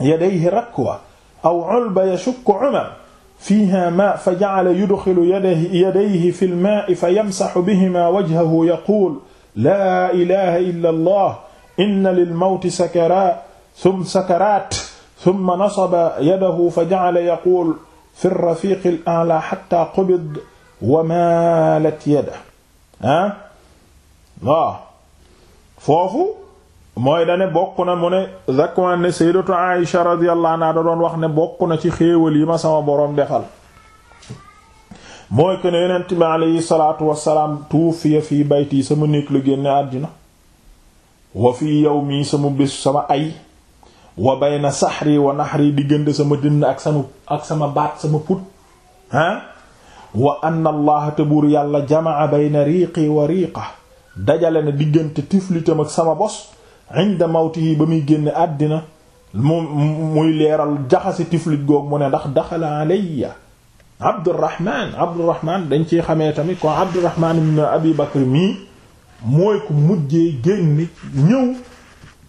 yadayhi rakwa aw ulba yashukku umar fiihaa maa fa ja'ala yudxilu yadayhi fil maa'i fa yamsahu bihimaa wajhahu yaquulu laa ilaaha illallaah inna lil mawti sakaraat sum sakaraat summa nasaba yadahu fa ja'ala yaquulu fi rafiiqil a'laa hattaa qubida wa malat yada ah foofu mooy dane bokk na mu ne Zakwan ne sayyidatu Aisha radiyallahu anha da doon wax ne bokk na ci xéewal yi ma sama boroom defal mooy que ne yonent bi aleyhi salaatu wasalaam tuufiya fii bayti sama néeg la génne àddina wa fii yawmi sama bés sama ay wa bayna saxri wa naxri diggante sama dënn ak sama ak sama baat sama put ah wa anna allaha te buur yàlla jamaa bayna riiqi wa riiqa dajale na diggante tiflitam ak sama bos inda mawtihi ba muy génn àddina mu leeral jaxasi tiflit googu mu ne ndax daxala alayya dañ ci xamee tamit kon abdurrahman ibn abi bakr mooy ku mujjee génn ñëw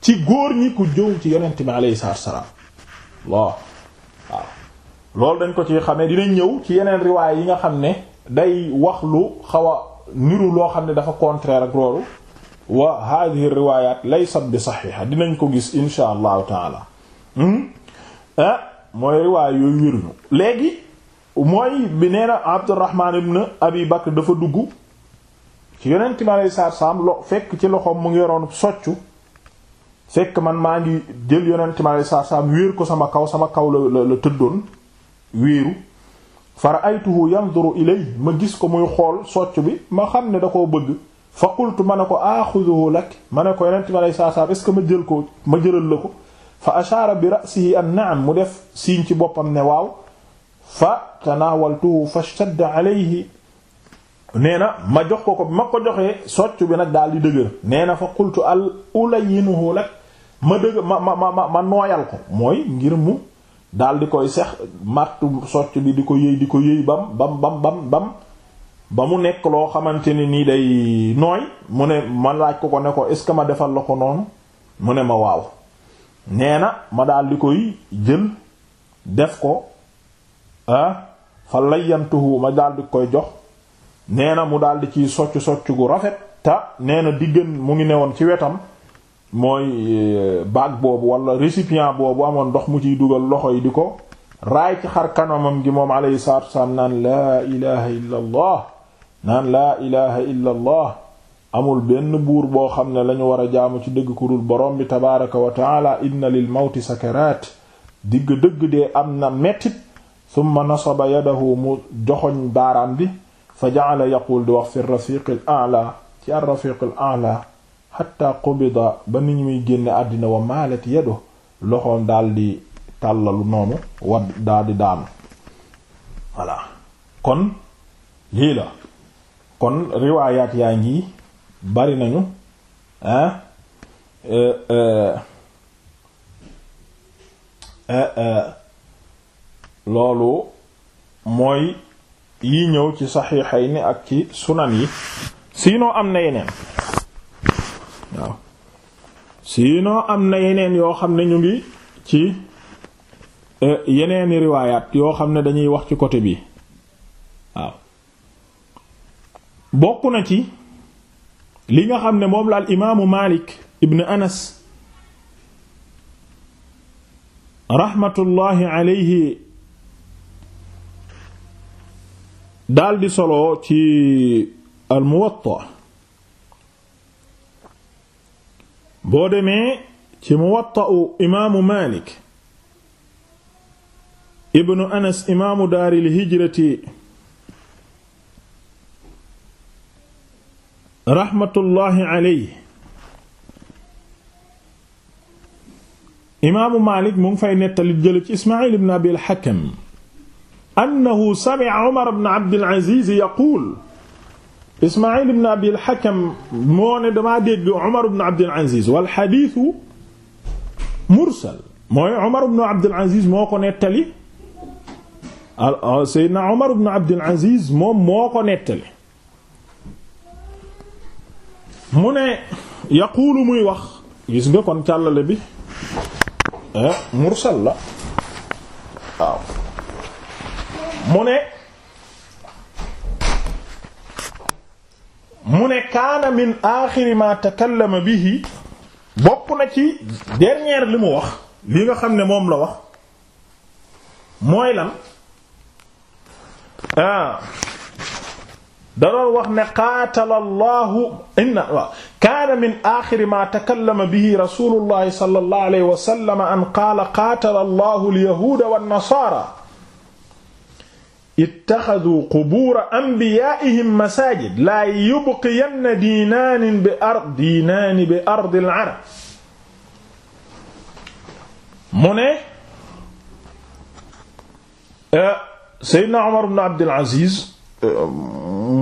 ci góor ñi ku jëw ci yonent bi alayhi salaatu salaam loolu dañ ko ci xamee dinañ ñëw ci yeneen riwaay yi nga xam ne day wax lu xaw a niru loo xam ne dafa contraire ak loolu wa hadhihi riwayat laysa bi saxiixa dinañ ko gis insha allahu taala hmm? ah mooy riwaay yooyu wéruñu léegi mooy bi nee na Abdurrahman ibn Abi Bakr dafa dugg ci yonent mi aleyhi lo fekk ci loxoom mu ngi yoroon soccu fekk man maa ngi jël yonent mi aleyhi salaatu ko sama kaw sama kaw la la tëddoon wéeru fa aytuhu yanzuru ilay ma gis ko muy xool socc bi ma xam ne da koo bëgg fa qultu ma ne ko axuduhu lak ma ne ko yonent ma lay saasaam est que ma jël ko ma jëlal la ko fa ashaara bi ra'sihi an na'am mu def siiñ ci boppam ne waaw fa tanaawaltuhu fa ishtadda alayhi nee na ma jox ko ko bi ma ko joxee socc bi nag daal di dëgër nee na fa qultu al ulayinuhu lak ma dëgg ma ma ma ma nooyal ko mooy ngir mu daal di koy sex martu socc bi di ko yëy di ko yëy bam bam bam bam bam ba mu nekk loo xamante ni nii day nooy mu ne ma laaj ko ko ne ko est ce que ma defal la ko noonu mu ne ma waaw nee na ma daal di koy jël def ko ah fa layyantuhu ma daal koy jox nee na mu daal di ciy socc socc gu rafet ta nee na diggan mu ngi newoon ci wetam mooy euh, baag boobu wala récipient boobu amoon ndox mu ciy dugal loxo yi di ko raay ci xar kanamam gi moom alayhi salaatu wasalaam naan laa ilaha illa amul benn buur boo xam ne lañu war a jaamu ci dëgg ku dul borom bi tabaraka wa taala inna lil mawti sakaraat digg dëgg dee am na mettit summa nasaba yadahu mu joxoñ baaraam bi fa ja'ala yaqul di wax fi rafiqil a'la ci xatta qubida ba ni muy génne àddina wa maalat yadu loxoom daal di tàllalu noonu wadd daal daanu voilà kon lii la kon riwaayaat yaa ngi bari nañu euh, euh, euh, loolu mooy yi ñëw ci saxiixayni ak ci sunan yi sinon am na yeneen waaw sinon am na yeneen yoo xam ne ñu ngi ci euh, yeneeni riwaayaat yoo xam ne dañuy wax ci côté bi waaw bokk na ci li nga xam ne moom la al imaamu Maalik ibn Anas raxmatullaahi alayhi daldi solo ci al Muwatta boo demee ci muwatta'u imaamu Maalik ibnu Anas dar daaril hijrati raxmatullaahi alayhi imaamu Maalik mu ngi fay nettali jële ci Ismaayil ibn Abil Hakam annahu sami'a Umar Aziz yaquul Ismaïl ibn Abi al-Hakam moo ne damaa dégg Umar ibn Abd al-Aziz wal xadiisu mursal mooy Umar ibn Abd al-Aziz moo ko nettali Seydina Umar ibn Abd al-Aziz moom moo ko nettali mu ne yaquulu muy wax gis nga kon càllale bi eh, mursal la waaw mu ne mu ne kaana min aaxiri ma takallama bihi bokk na ci dernier li wax li nga xam ne moom la wax mooy lan ah wax ne qaatala allahu inna waaw kaana min aaxiri ma takallama bihi rasulullahi sallallahu alayhi wa sallam an qaala qaatala allahu alyahuuda wannasaara ittaxaduu qubuura anbiyaa'ihim masaajid laa yubqiyanna diinaanin bi ard diinaani bi ardi al-arab mu ne euh, Seydina Umar ibn Abdul Aziz euh,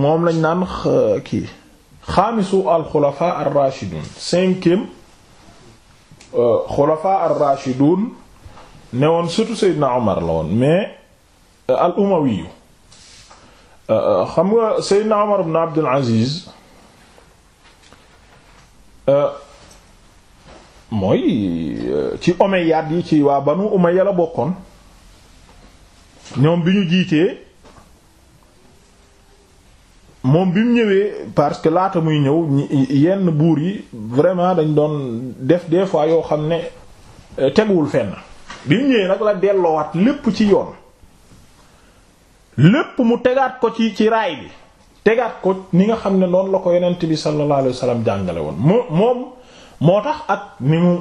moom lañ naan kii xaamisu al-xulafaa ar-raashiduun cinquième euh, xulafaa ar-raashiduun ne woon surtout Seydina Umar la woon mais Euh, al umawiyu euh, euh, xam nga Seydina Omar ibn Abdul Aziz mooy ci ome Omeyyades yi ci waa Banu Umayya la bokkoon ñoom bi ñu jiitee moom bi mu ñëwee parce que laata muy ñëw yenn buur yi vraiment dañ doon def des fois yoo xam ne teguwul fenn bi mu ñëwee nag la delloowaat lépp ci yoon lépp mu tegaat ko ci ci raay bi tegaat ko ni nga xam ne noonu la ko yonent bi sallallahu alayhi jàngale woon moo moom moo tax ak ni mu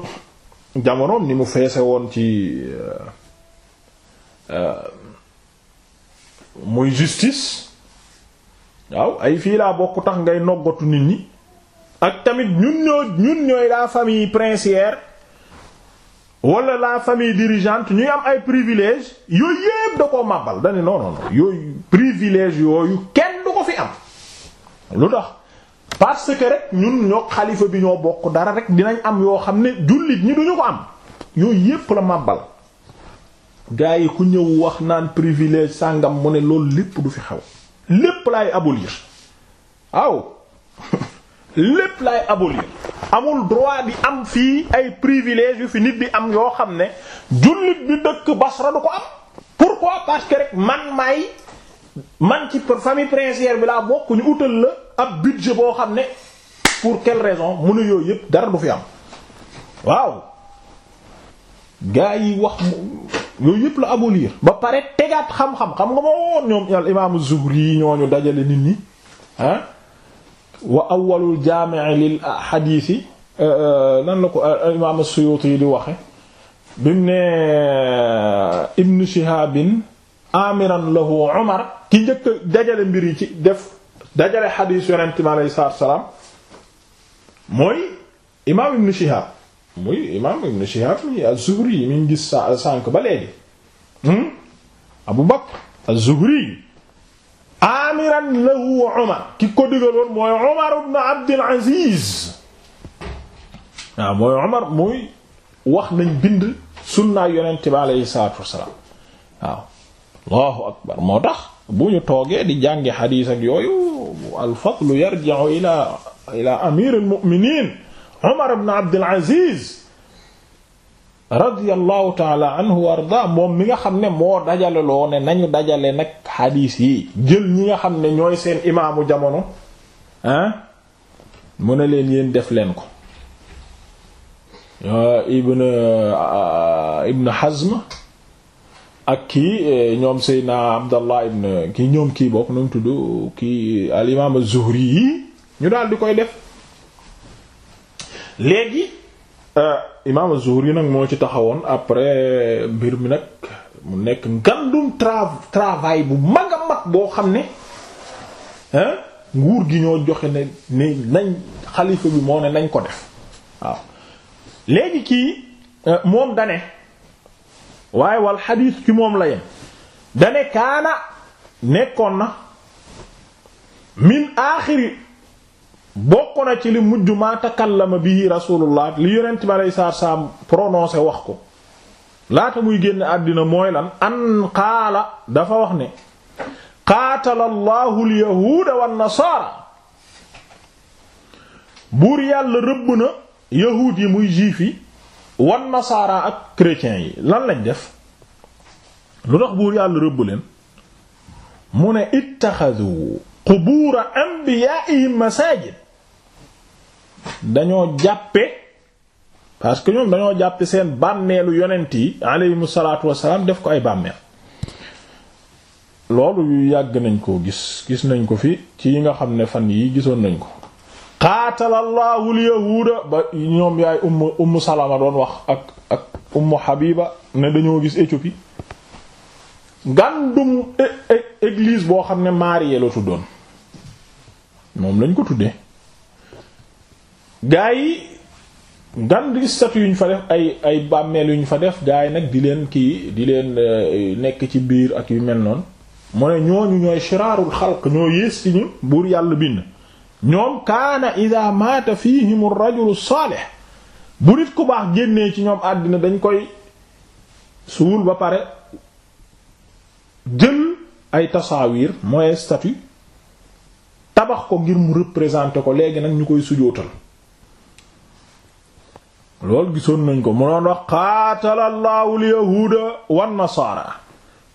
jamonoom ni mu feese woon ci euh, euh, muy justice waaw ay fii laa bokk tax ngay noggatu nit ñi ak tamit ñun ñoo ñun ñooy la famille princière wala la famille dirigeante ñuy am ay privilèges yooyu yépp da koo màbbal da ne non non non yooyu privilèges yooyu kenn du ko fi am lu tax parce que rek ñun ñoo xalifa bi ñoo bokk dara rek dinañ am yoo xam ne jullit ñi duñu ko am yooyu yépp la màbbal gaa yi ku ñëw wax naan privilège sàngam mu ne loolu lépp du fi xew lépp laay abolir aw [LAUGHS] lépp laay abolir amul droit di am fii ay privilèges yu fi nit bi am yoo xam ne jullit bi dëkk Basra du ko am pourquoi parce que rek man maay man ci famille princière bi laa bokk ñu utal la ab budget boo xam ne pour quelle raison mu ne yooyu yëpp dara du fi am waaw gaa yi wax yooyu yëpp la abolir ba pare tegaat xam-xam xam nga moo woon ñoom al imaamu Zuhri yi ñu dajale nit ñi wa awwalul jaami'i lil xadiis yi euh, euh, nan la ko euh, imaam as-Suyuuti yi di waxe bi mu ne ibnu shihaabin amiran lahu Umar ki njëkk dajale mbir yi ci def dajale xadiis yonent mi alayhi salaatu wa salaam mooy imaam ibnu shihaab muy imaam ibnu shihaab mi az-Zuhri mi ngi gis sànk ba léegi hmm? Abu Bakr az-Zuhri amiran lahu Umar ki ko digaloon mooy Umar ibn Abdul Aziz waaw mooy Umar mooy wax nañ bind sunnaa yonent bi aleyhi salaatu wassalaam waaw Allahu akbar moo tax bu ñu toogee di jàngi xadiis ak yooyu al fadlu yarji'u ila ila amiril mu'minin Umar ibn Abdul Aziz radiyallahu taala anhu warda moom mi nga xam ne moo dajale loo ne nañu dajale nag xadiis yi jël ñi nga xam ne ñooy seen imaamu jamono ah mu ne leen yéen def leen ko ibn uh, ibn Hazm ak kii eh, ñoom Seydina Abdallah ibn kii ñoom kii bokk nu mu tudd kii al imaam az-Zuhri yi ñu daal di koy def léegi uh, imaam Zuhri nag moo ci taxawoon après mbir mi nag mu nekk ngandum tra travail bu mag a mag boo xam ne hein nguur gi ñoo joxe ne ne nañ xalifa bi moo ne nañ ko def waaw léegi kii euh, moom dane waaye wal xadiis ci moom la yem dane kaana nekkoon na min aaxiri bokk na ci li mujj maa takallama bihi rasulullah li yonent bi aleyhi salaatu salaam wax ko laata muy génn àddina mooy lan an qaala dafa wax ne qaatala allahu alyahuuda wan nasaara buur yàlla rëbb na yahuud yi muy juif yi wan nasaara ak chrétiens yi lan lañ def lu tax buur yàlla rëbb leen mu ne ittaxadu qubuura anbiyaa'ihim masaajid dañoo jàppe parce que ñoom dañoo jàppe seen bàmmeelu yonent yi aleyhimu salaatu wassalaam def ko ay bàmmeel loolu yu yàgg nañ koo gis gis nañ ko fi ci yi nga xam ne fan yi gisoon nañ ko xaatalallaahu lyahuuda ba ñoom yaay umm umm salama doon wax ak ak umm habiba ne dañoo gis Éthiopie ngàndum e, e, église boo xam ne Marie la tuddoon moom lañ ko tuddee gaa yi ngan di statue fa def ay ay bàmmeel yu ñu fa def gaa yi nag di leen kii di leen eh, nekk ci biir ak yu mel noonu mu ne ñooñu ñooy shiraarul xalq ñoo yées ci ñu buur yàlla bind ñoom kaana ida maata fihim rajulu saalih bu nit ku baax génnee ci ñoom àddina dañ koy suul ba pare jël ay tasaawiir mooy statue tabax ko ngir mu représenter ko léegi nag ñu koy sujootal lool gisoon nañ ko mu doon wax qaatala allahu alyahuuda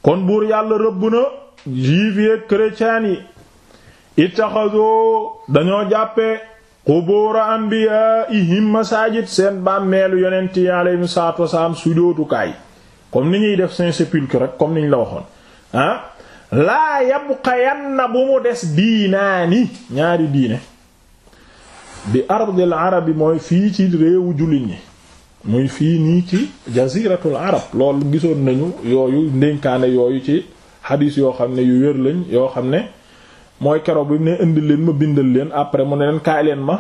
kon buur yàlla rëbb na juif yi chrétien yi ittaxadoo dañoo jàppe qubuura anbiyaa'ihim masaajid seen bàmmeelu yonent yi alayhimu salaatu wasalaam sujootukaay comme ni ñuy def seen sépulcre rek comme niñ la waxoon ah laa yabqayanna bu mu des diinaani ñaari diine bi ardil arabi mooy fii ci réewu jullit ñi muy fii nii ci jaziratul arab loolu gisoon nañu yooyu ndénkaane yooyu ci xadiis yoo xam ne yu wér lañ yoo xam ne mooy keroog bi ne indi leen ma bindal leen après mu ne leen kaay leen ma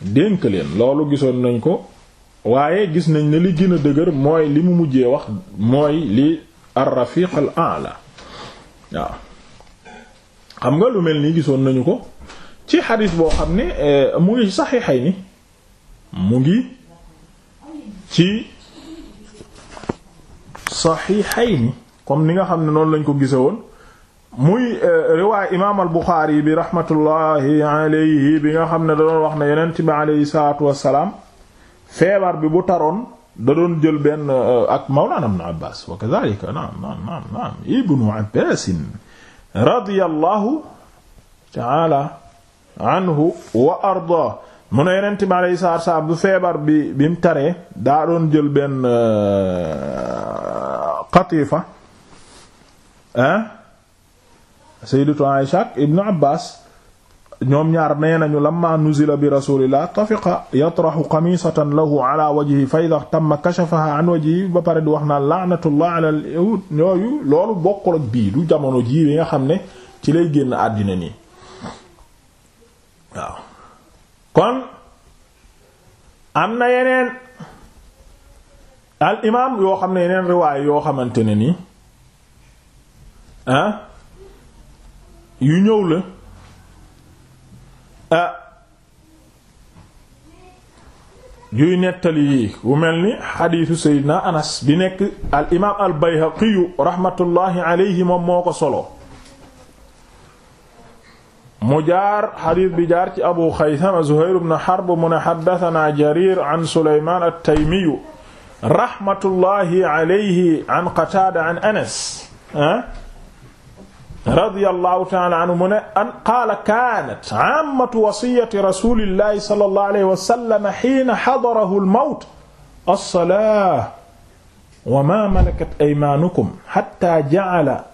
dénk leen loolu gisoon nañ ko waaye gis nañ ne li gën a dëgër mooy li mu mujjee wax mooy li ar-rafiq al a'la waaw xam nga lu mel ni gisoon nañu ko ci xadis boo xam ne mu ngi saxiixay ni mu ngi ci saxiixay ni comme ni nga xam ne noonu lañ ko gise woon muy euh, riwaay imaam al Buxaari bi rahmatullahi bi nga xam ne da doon wax ne yonent bi alayhi salaatu wassalaam feebar bi bu taroon da doon jël benn euh, ak mawlaana ibn Abbaas wa kadhalika ta'ala anhu wa arda mu ne yonent bi alayhi bu feebar bi bi mu taree daa doon jël benn euh, qatifa ah sayyidatu Aisha ibnu Abbaas ñoom ñaar nee nañu lamma nuzila bi rasulillah tafiqa yatraxu qamisatan lahu ala fa idha tamma kashafaha an wajhi ba pare di wax naan laanatullah ala al yahud loolu bokkul ak bii du jamono jii bi nga xam ne ci lay génn àddina nii waaw kon am na yeneen al imaam yoo xam ne yeneen riwaay yoo xamante ne nii ah, yu ñëw la ah yuy nettali yii wu mel ni xadiisu Seydina Anas bi nekk al imaam al Bayhaqi rahmatullahi alayhi moom moo ko solo. mu jaar xadiis bi jaar ci abu xaysama zuhayr ibn harb mu ne xaddatanaa jarir an suleyman at-taymiyu rahmatullahi alayhi an qataada an anas ah, radiyallahu ta'ala anhu mu ne an qaala kaanat ammatu wasiyati rasulillahi sallallahu alayhi wa sallam hiina hadarahu al-mawt as-salaah wa maa malakat aymaanukum hattaa ja'ala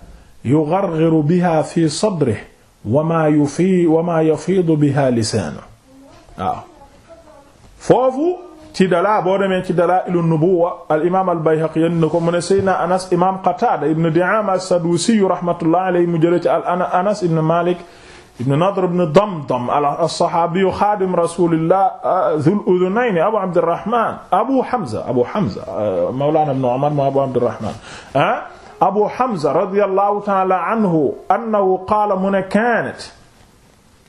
yugarghiru bihaa fii sadrihi wama yufi wama yafiidu biha lisaanu waaw foofu ci dalaa boo demee ci dalaa'ilun nubuwwa al imaam al bayhaqi yenn na ko mu ne seydna anas imaam qataada ibn di'aama as-sadusi rahmatullah alayhi mu jële ci al anas ibn malik ibn nadr ibn damdam as-saxaabiyu xaadim rasulillah dhul udunayni abu abdirrahman abu hamza abu hamza mawlaana ibn umar abu abdirrahman ah abu hamza radiyallahu taala anhu annahu qaala mu ne kaanat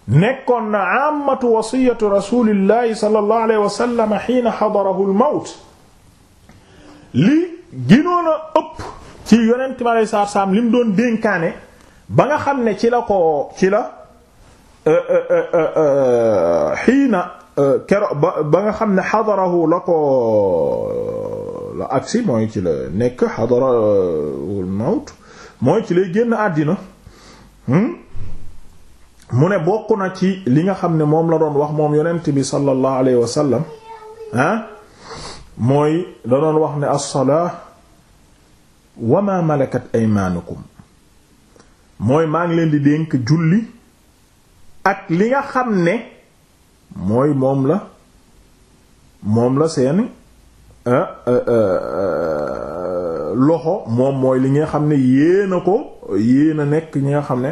nekkoon na aamatu wasiyatu rasulillahi sallallahu alayhi wa sallam hiina hadarahu al-mawt li gënoon a ëpp ci yonent mi alayhi salaatu salaam li mu doon dénkaane ba nga xam ne ci la ko ci la euh, euh, euh, hiina kero ba nga xam ne hadarahu la ko la agsi mooy ci la nekk xadarawul mawt mooy ci lay génn àddina hmm? mu ne bokk na ci li nga xam ne moom la doon wax moom yonent bi sallallahu alayhi wa ah? mooy da wax ne as wa ma malakat aymaanukum mooy maa ngi leen di dénk julli ak li nga xam ne mooy moom la moom la seeni Euh, euh, euh, loxo moom mooy li nga xam ne yéen a ko yéen a nekk ñi nga xam ne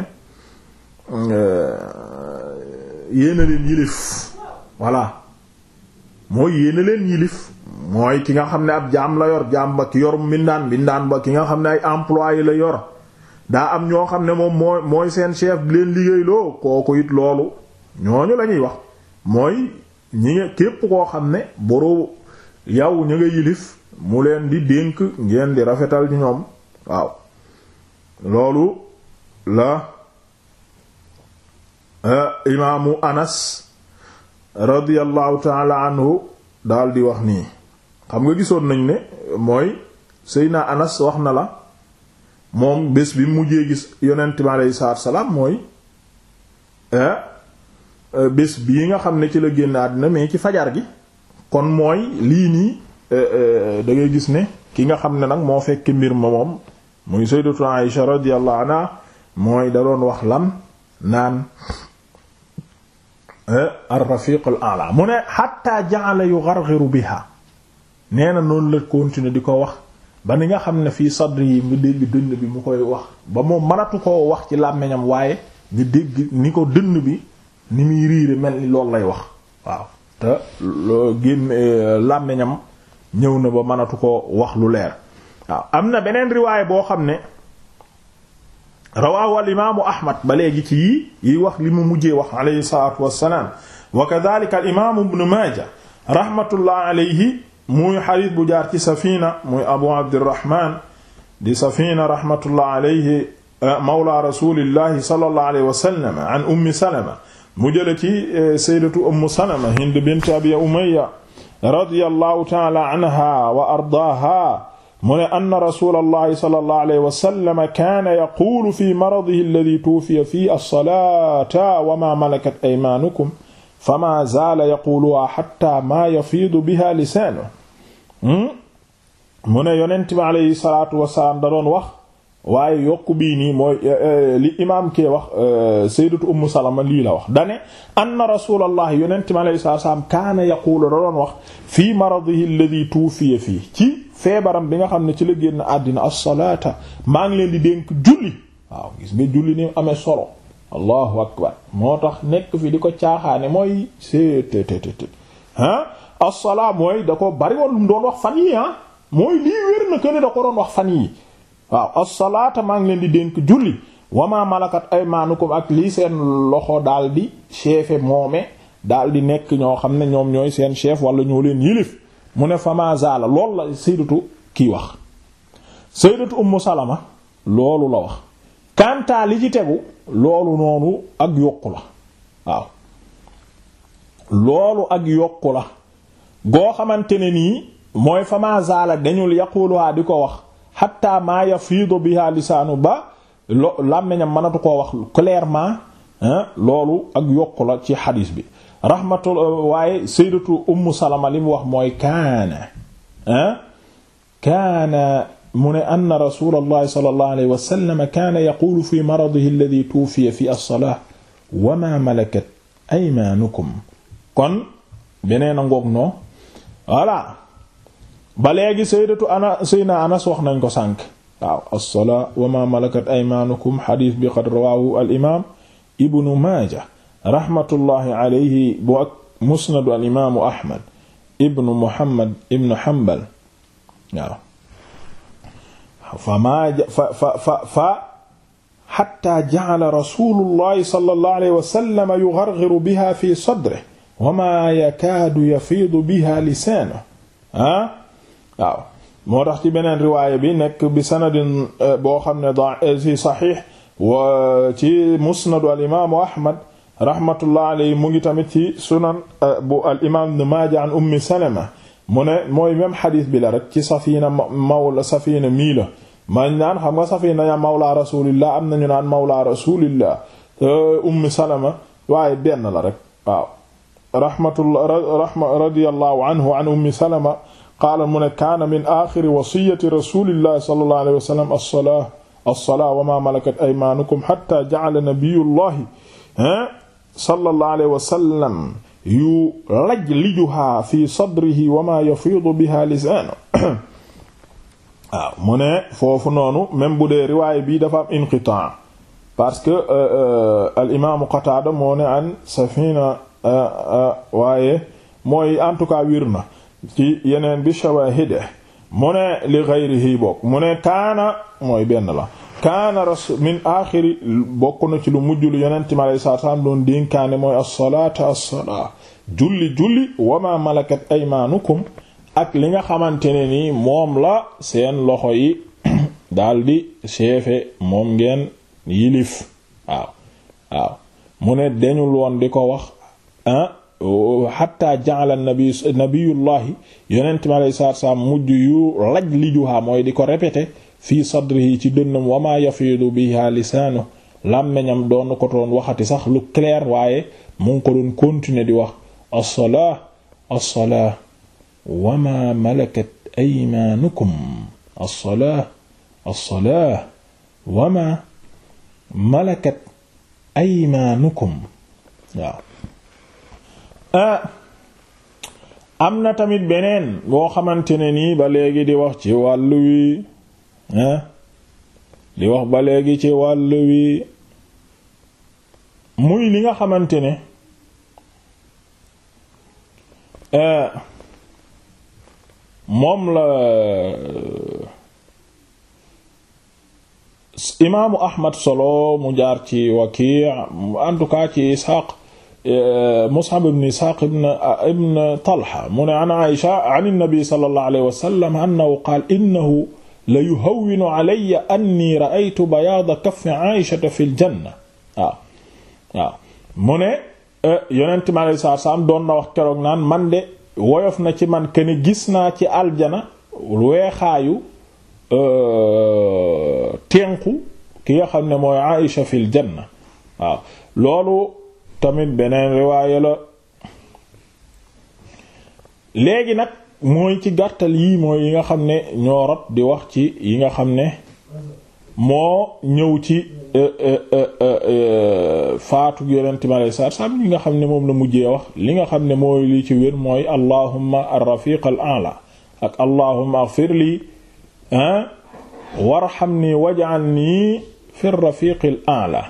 yéen a leen yilif voilà mooy yéen leen yilif mooy ki nga xam ne ab jaam la yor jaam ba ki yor mbindaan mbindaan ba ki nga xam ne ay employé la yor daa am ñoo xam ne moom mooy seen chef bi leen liggéeyloo kooku it loolu ñooñu la ñuy wax mooy ñi nga képp koo xam ne boroom yow ñu nga yilif mu leen di dénk ngeen di rafetal ci ñoom waaw loolu la imaamu anas radiallahu taala anhu daal wax nii xam nga gisoon nañ ne mooy Seydina anas wax na la moom bés bi mujjee gis yonent mi aleyhi salaatu salaam mooy bés bii nga xam ne ci la génn àddina mais ci fajar gi kon mooy lii nii euh, euh, dangay gis ne ki nga xam ne nag moo fekk mbir ma moom muy sayyidatu Aisha radiyallahu anha mooy da doon wax lan naan euh, ar-rafiq al-a'la mu ne hatta ja'ala yugharghiru biha nee na noonu la continuer di ko wax ba ni nga xam ne fii sadr yi mu dégg dënn bi mu koy wax ba moom mënatu koo wax ci làmmiñam waaye ñu dégg ni ko dënn bi ni muy riire mel ni loolu lay wax waaw te loo eh, ñëw na ba mënatu ko wax lu leer waaw am na beneen riwaay boo xam ne rawaahu al imaamu ahmad ba léegi ci yii wax li mu mujjee wax alayhi salaatu wassalaam wa kadhalika al imaamu ibnu maaja rahmatullah alayhi muy xadiis bu jaar ci safina muy abu abdirahman di safina rahmatullah alayhi eh, mawla rasulillahi sallallahu alayhi wa sallam an ummi salama mu jële ci e, sayyidatu ummu salama hind bint abi umayya radiyallahu ta'ala anha wa ardaaha mu ne anna rasulallahi sallallahu alayhi wa sallam kaana yaquulu fi maradihi alladhi tuwuffiya fihi as-salaata wa ma malakat aymaanukum fama zaala yaquuluhaa hatta maa yafiidu biha lisaanuhu hmm? mu ne yonent bi alayhi salaatu wa salaam da doon wax waaye yokk bii nii mooy eh, eh, li imaam kee wax eh, sayyidatu ummu salama lii la wax dane anna rasulallahi yonent mi alayhi salaatu salaam kaana yaquulu da doon wax fii maradihi alladhi tuufiya fii ci feebaram bi nga xam ne ci la génn àddina as-salaata maa ngi leen di dénk julli waaw gis nga julli ni amee solo allahu akbar moo tax nekk fi di ko caaxaane mooy seetetetet ah as-salaa mooy da ko bari woon lu mu wax fan yi ah mooy lii wér na que da ko doon wax fan yi waaw as-salaata maa leen di dénk julli wama malakat aymaanukum ak lii seen loxo daal di chefe moome daal nekk ñoo xam ne ñoom ñooy seen chef wala ñoo leen yilif mu ne fama zala loolu la sayyidatu kii wax sayyidatu ummu salama loolu la wax kantaa li ci tegu loolu noonu ak yokku la waaw loolu ak yokku la goo xamante ne nii mooy fama zala dañul yaquluha di ko wax hatta ma yafiidu biha lisaanu ba lo làmmiñam mënatu koo wax clairement loolu ak yokku la ci xadiis bi rahmatul waaye sayyidatu ummu salama li mu wax mooy kaana kaana mu ne anna rasulallahi sallallahu alayhi wa sallam kaana yaqulu fi maradihi alladhi tuwuffiya fi as-salaah wa ma malakat aymaanukum kon beneen a ngoog noo voilà ba léegi sayyidatu ana sayna anas wax nañ ko sànk waaw as-salaa wa ma malakat aymaanukum xadiis bi qad rawaahu al imaam ibnu maaja raxmatullahi alayhi bu ak musnadu al imaamu ahmad ibnu muhammad ibnu hanbal waaw fa maa fa fa fa fa xatta jacala rasulullahi sallallahu alayhi wa sallam yugargiru biha fi sadrihi wa maa yakaadu yafiidu biha lisaanuhu waaw moo tax ci beneen riwaaya bi nekk bi sanadin eh, boo xam ne ci eh, saxiix wa ci musnadu al imaamu ahmad rahmatullah alayhi mu ngi tamit ci sunan eh, bu al imaam ibn maaja an ummi salama mu ne mooy même xadis bi la rek ci safina mawla safina mii la mañ naan xam nga safina yaa mawla rasulillah am nañu naan mawla rasulillah ummi salama waaye benn la rek waaw rahmatullah rahma radiyallahu anhu an ummi salama qaala mu ne kaana min aaxiri wasiyati rasulillahi sallallahu alayhi wa sallam as-salaa as-salaa wa maa malakat aymaanukum xatta ja'ala nabiyullahi eh, sallallahu alayhi wa sallam yu lajlijuhaa fi sadrihi wa maa yafiidu bihaa lisaanuhu [COUGHS] waaw mu ne foofu noonu même bu dee riwaay bi dafa am inqitaa parce que euh, euh, al imaamu Qataada moo ne an Safina euh, waaye mooy en tout cas wir na. ci yeneen bi shawahide mu li gayrihi bokk mu kaana mooy benn la kaana rasul min aaxiri bokk na ci lu mujj yeneen yonent mi alayhi salaatu salaam doon dénkaane mooy as-salaata julli julli wa ma malakat aymaanukum ak li nga xamante ne ni moom la seen loxo yi [CLEARS THROAT] daldi seefe moom ngeen yilif waaw waaw mu di ko wax ah, xatta ja'ala nabi nabiyullahi yonent mi alayhi salaatu mujj yu laj lijuha mooy di ko répété fii sadrihi ci dënnam wa maa yafiidu biha ko doon waxati sax lu clair waaye mu ko doon continuer di wax as-salaa as-salaa wa malakat aymaanukum as-salaa as malakat aymaanukum Ah, am na tamit beneen boo xamante ne nii ba léegi di wax ci wàll wi ah, di wax ba léegi ci wàll wi muy li nga xamante ne ah, moom la imaamu Ahmad solo mu jaar ci Waki' en tout cas ci Ishaq Mus'ab ibn Ishaq ibn ibn Talha mu ne an Aisha an an-nabi sallallahu alayhi wa sallam annahu qaala innahu la yuhawwinu alayya anni ra'aytu bayaada kaffi Aisha fil janna waaw waaw mu ne eh, yonent mi alayhi salaatu salaam doon na wax keroog naan man de woyof na ci man que ni gis naa ci aljana weexaayu eh, tenku ki nga xam ne mooy Aisha fil janna waaw loolu tamit beneen riwaaya la léegi nag mooy ci gàttal yii mooy yi nga xam ne ñoo rot di wax ci yi nga xam ne moo ñëw ci euh, euh, euh, faatu yonent mi alayhi salaatu salaam yi nga xam ne moom la mujjee wax li nga xam ne mooy li ci wér mooy allahumma ar-rafiq al-a'la ak allahumma ighfir li warhamni waj'alni fi ar-rafiq al-a'la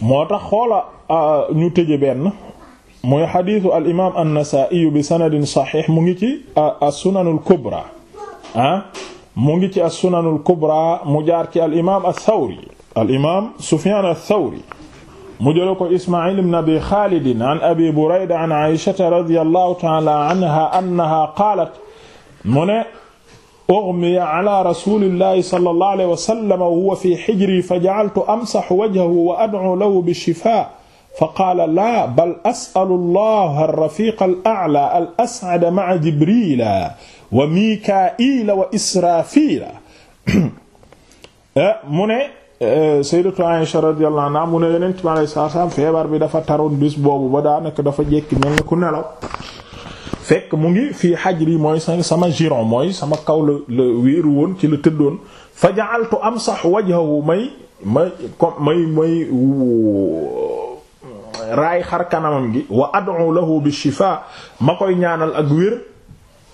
moo tax xoola ñu tëje benn muy xadiisu al imaam an-Nasaa'i bi sanadin saxiix mu ngi ci as-sunanul kubra ah mu ngi ci as-sunanul kubra mu jaar ci al imaam as-Sawri al imaam Sufyaan as-Sawri mu jëla ko Ismaa'iil ibn Abi Xaalid an Abi Burayda an Aysata radiyallahu ta'aala anha annaha qaalat mu ne ughmiya ala rasulillahi sallallahu alayhi wa sallam wa huwa fi hijri fa ja'altu amsahu wajhahu wa ad'u lahu bish-shifaa fa qaala laa bal as'alu allaha ar-rafiqa al-a'la al-as'ada ma'a jibrila wa mikaa'ila wa israafila mu ne eh, sayyidatu Aisha radiyallahu anha mu ne yonent bi alayhi salaam feebar bi dafa taroon bis boobu ba daanaka dafa jekki mel ni ku nelaw fekk mu ngi fii xajri mooy sama giron mooy sama kaw la la woon ci la tëddoon fa ja'altu amsahu wajhahu may may may may uh, raay xar kanamam gi wa ad'u lahu ma koy ñaanal ak wér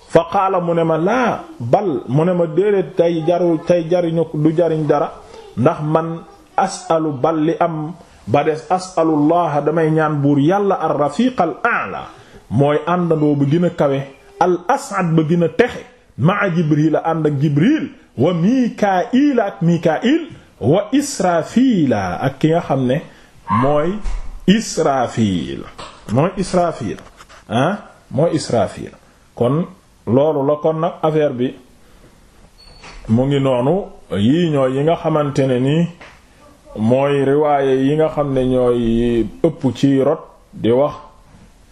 fa qaala mu ne ma laa bal mu ne ma déedéet tey jaru tey jariñu du jariñ dara ndax man asalu bal li am ba des asalullaha damay ñaan buur yàlla ar rafiq al a'la mooy àndandoo ba gën a kawe al as'ad ba gën a texe maa jibril ànd ak jibril wa mikaila ak mikail wa israfila ak ki nga xam ne mooy israfil ah, mooy israfil kon loolu la kon nag affaire bi mu ngi noonu yii ñooy yi nga xamante ne nii mooy riwaaye yi nga xam ne ñooy ëpp ci rot di wax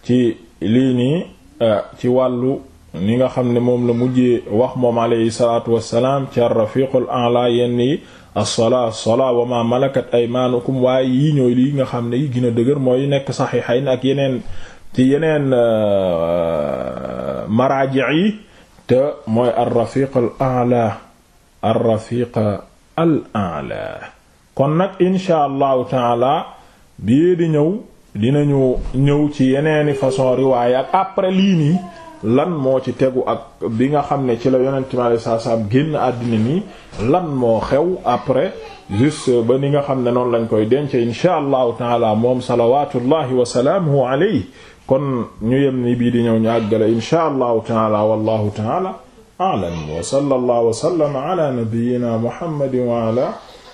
ci lii nii ah, ci wàllu ni nga xam ne moom la mujjee wax moom alayhi salaatu wassalaam ci ar-rafiqul a'la yenn yi as-salaa wa ma malakat aymaanukum waaye yii ñooy lii nga xam ne gina dëgër mooy nekk saxiixayn ak yeneen ci yeneen ah, maraaji yi te mooy ar-rafiqul a'la ar kon nag insha allahu taala bii di ñëw dinañu ñëw ci yeneeni façon riwaay ak après lii nii lan moo ci tegu ak bi nga xam ne ci la yonent mi alayhi salaam génn àddina nii lan moo xew après juste ba ni nga xam ne noonu lañ koy denc insha allahu taala moom salawatullahi wa salaamuhu alayhi kon ñu yem ni bii di ñëw ñu àggale insha allahu taala wallahu taala a'lam wa sallallahu wa sallama ala nabiyyina muhammadin wa ala